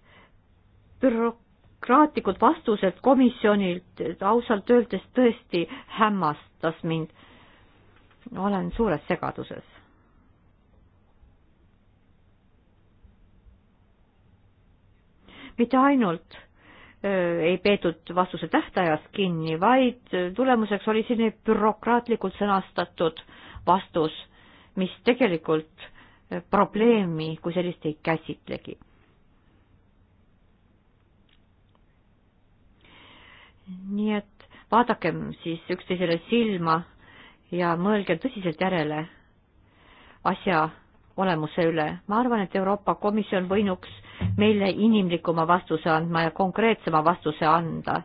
bürokraatlikud vastused komisjonilt ausalt öeldes tõesti hämmastas mind. olen suures segaduses. mitte ainult öö, ei peetud vastuse tähtajast kinni, vaid tulemuseks oli selline bürokraatlikult sõnastatud vastus, mis tegelikult probleemi kui sellist ei käsitlegi nii et vaadakem siis üksteisele silma ja mõelgem tõsiselt järele asja olemuse üle. ma arvan, et Euroopa Komisjon võinuks meile inimlikuma vastuse andma ja konkreetsema vastuse anda,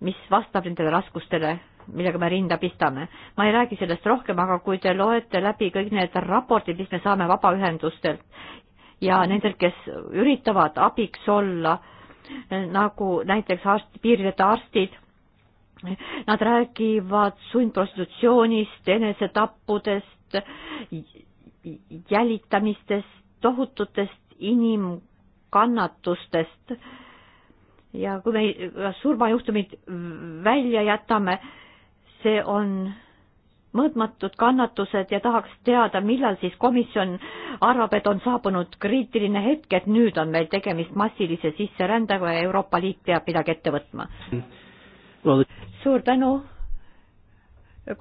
mis vastab nendele raskustele, millega me rinda pistame. ma ei räägi sellest rohkem, aga kui te loete läbi kõik need raportid, mis me saame vabaühendustelt ja nendelt, kes üritavad abiks olla äh, nagu näiteks arst, piirideta arstid. Nad räägivad sundprostitutsioonist, enesetappudest, jälitamistest, tohututest inimkannatustest. ja kui me surmajuhtumid välja jätame, see on mõõtmatud kannatused ja tahaks teada, millal siis komisjon arvab, et on saabunud kriitiline hetk, et nüüd on meil tegemist massilise sisserändaga ja Euroopa Liit peab midagi ette võtma well,. suur tänu.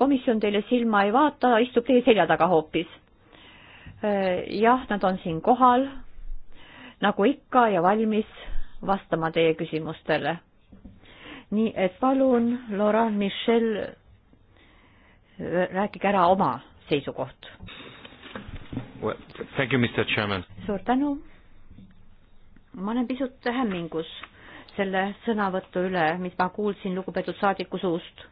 komisjon teile silma ei vaata, istub teie selja taga hoopis. Äh, jah, nad on siin kohal nagu ikka ja valmis vastama teie küsimustele. nii et palun, Laura Michel rääkige ära oma seisukoht well,. Thank you, Mr Chairman. suur tänu. ma olen pisut hämmingus selle sõnavõtu üle, mis ma kuulsin lugupeetud saadiku suust.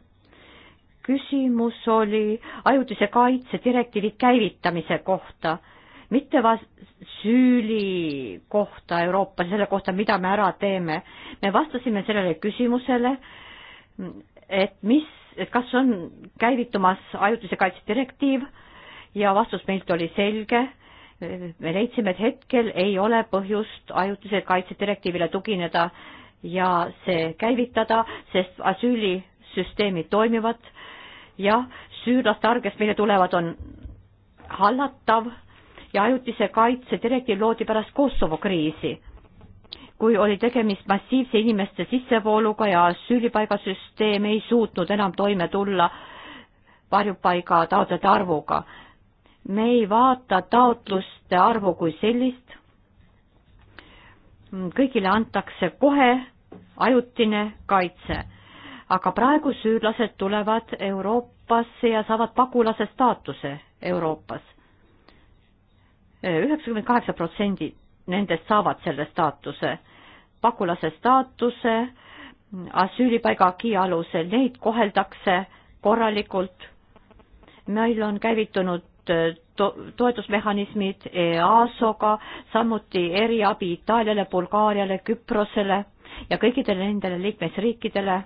küsimus oli ajutise kaitse direktiivi käivitamise kohta, mitte süüli kohta Euroopas, selle kohta, mida me ära teeme. me vastasime sellele küsimusele, et mis et kas on käivitumas ajutise kaitse direktiiv ja vastus meilt oli selge. me leidsime, et hetkel ei ole põhjust ajutise kaitse direktiivile tugineda ja see käivitada, sest asüülisüsteemid toimivad. jah, süürlaste arv, kes meile tulevad, on hallatav ja ajutise kaitse direktiiv loodi pärast Kosovo kriisi kui oli tegemist massiivse inimeste sissevooluga ja asüülipaigasüsteem ei suutnud enam toime tulla varjupaiga taotlejate arvuga. me ei vaata taotluste arvu kui sellist. kõigile antakse kohe ajutine kaitse, aga praegu süürlased tulevad Euroopasse ja saavad pagulase staatuse Euroopas. üheksakümmend kaheksa protsendi nendest saavad selle staatuse, pagulase staatuse, asüülipaiga aki alusel, neid koheldakse korralikult. meil on käivitunud äh, to-, toetusmehhanismid EASO-ga, samuti eriabi Itaaliale, Bulgaariale, Küprosele ja kõikidele nendele liikmesriikidele,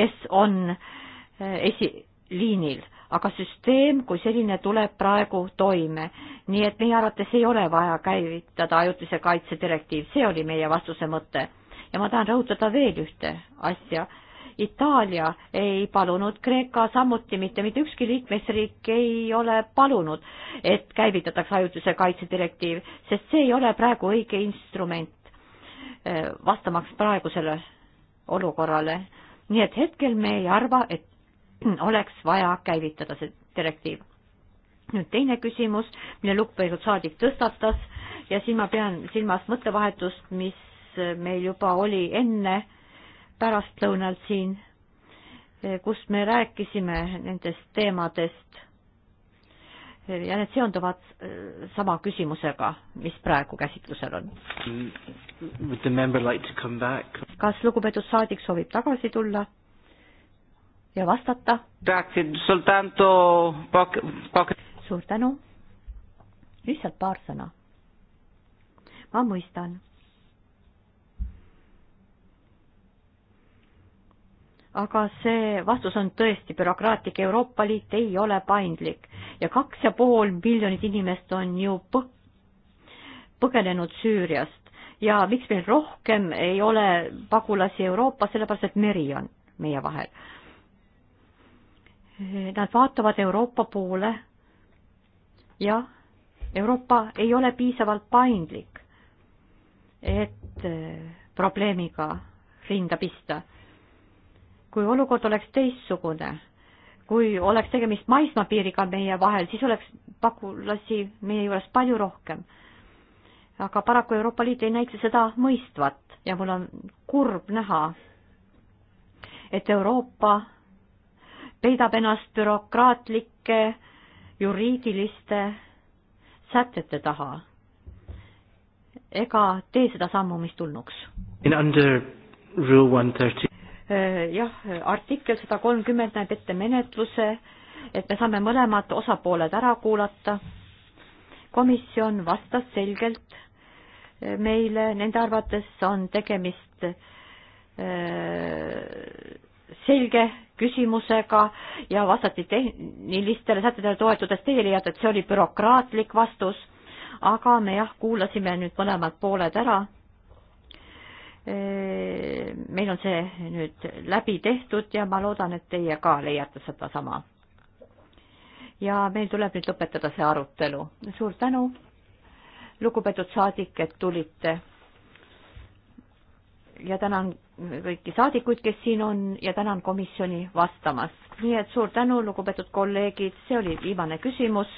kes on äh, esiliinil aga süsteem kui selline tuleb praegu toime. nii et meie arvates ei ole vaja käivitada ajutise kaitse direktiiv, see oli meie vastuse mõte. ja ma tahan rõhutada veel ühte asja. Itaalia ei palunud, Kreeka samuti mitte, mitte ükski liikmesriik ei ole palunud, et käivitatakse ajutise kaitse direktiiv, sest see ei ole praegu õige instrument eh, vastamaks praegusele olukorrale. nii et hetkel me ei arva, et oleks vaja käivitada see direktiiv. nüüd teine küsimus, mille lugupeetud saadik tõstatas ja siin ma pean silmas mõttevahetust, mis meil juba oli enne pärastlõunal siin, kus me rääkisime nendest teemadest ja need seonduvad äh, sama küsimusega, mis praegu käsitlusel on. Like kas lugupeetud saadik soovib tagasi tulla? ja vastata. suur tänu. lihtsalt paar sõna. ma mõistan. aga see vastus on tõesti bürokraatlik, Euroopa Liit ei ole paindlik ja kaks ja pool miljonit inimest on ju põh-, põgenenud Süüriast ja miks meil rohkem ei ole pagulasi Euroopas, sellepärast et meri on meie vahel Nad vaatavad Euroopa poole ja Euroopa ei ole piisavalt paindlik, et eh, probleemiga rinda pista. kui olukord oleks teistsugune, kui oleks tegemist maismaapiiriga meie vahel, siis oleks pagulasi meie juures palju rohkem. aga paraku Euroopa Liit ei näita seda mõistvat ja mul on kurb näha, et Euroopa peidab ennast bürokraatlike juriidiliste sätete taha ega tee seda sammu, mis tulnuks. Eh, jah, artikkel sada kolmkümmend näeb ette menetluse, et me saame mõlemad osapooled ära kuulata. komisjon vastas selgelt eh, meile, nende arvates on tegemist eh, selge küsimusega ja vastati tehnilistele sätetele toetudes. Teie leiate, et see oli bürokraatlik vastus, aga me jah, kuulasime nüüd mõlemad pooled ära. meil on see nüüd läbi tehtud ja ma loodan, et teie ka leiate sedasama. ja meil tuleb nüüd lõpetada see arutelu. suur tänu, lugupeetud saadik, et tulite ja tänan kõiki saadikuid, kes siin on ja tänan komisjoni vastamast. nii et suur tänu, lugupeetud kolleegid, see oli viimane küsimus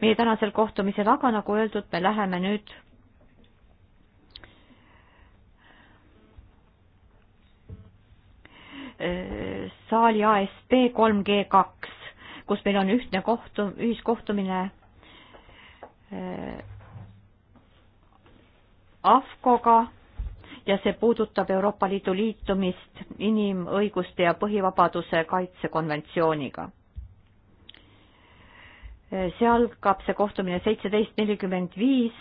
meie tänasel kohtumisel, aga nagu öeldud, me läheme nüüd saali ASP 3G2, kus meil on ühtne kohtu, ühiskohtumine eh, AFCO-ga ja see puudutab Euroopa Liidu liitumist inimõiguste ja põhivabaduse kaitsekonventsiooniga. see algab, see kohtumine seitseteist nelikümmend viis.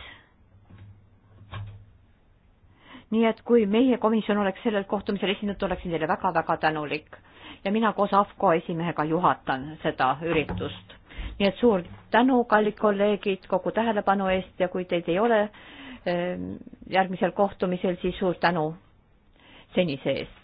nii et kui meie komisjon oleks sellel kohtumisel esindatud, oleksin teile väga-väga tänulik ja mina koos AFCO esimehega juhatan seda üritust nii et suur tänu, kallid kolleegid, kogu tähelepanu eest ja kui teid ei ole järgmisel kohtumisel siis suur tänu senise eest.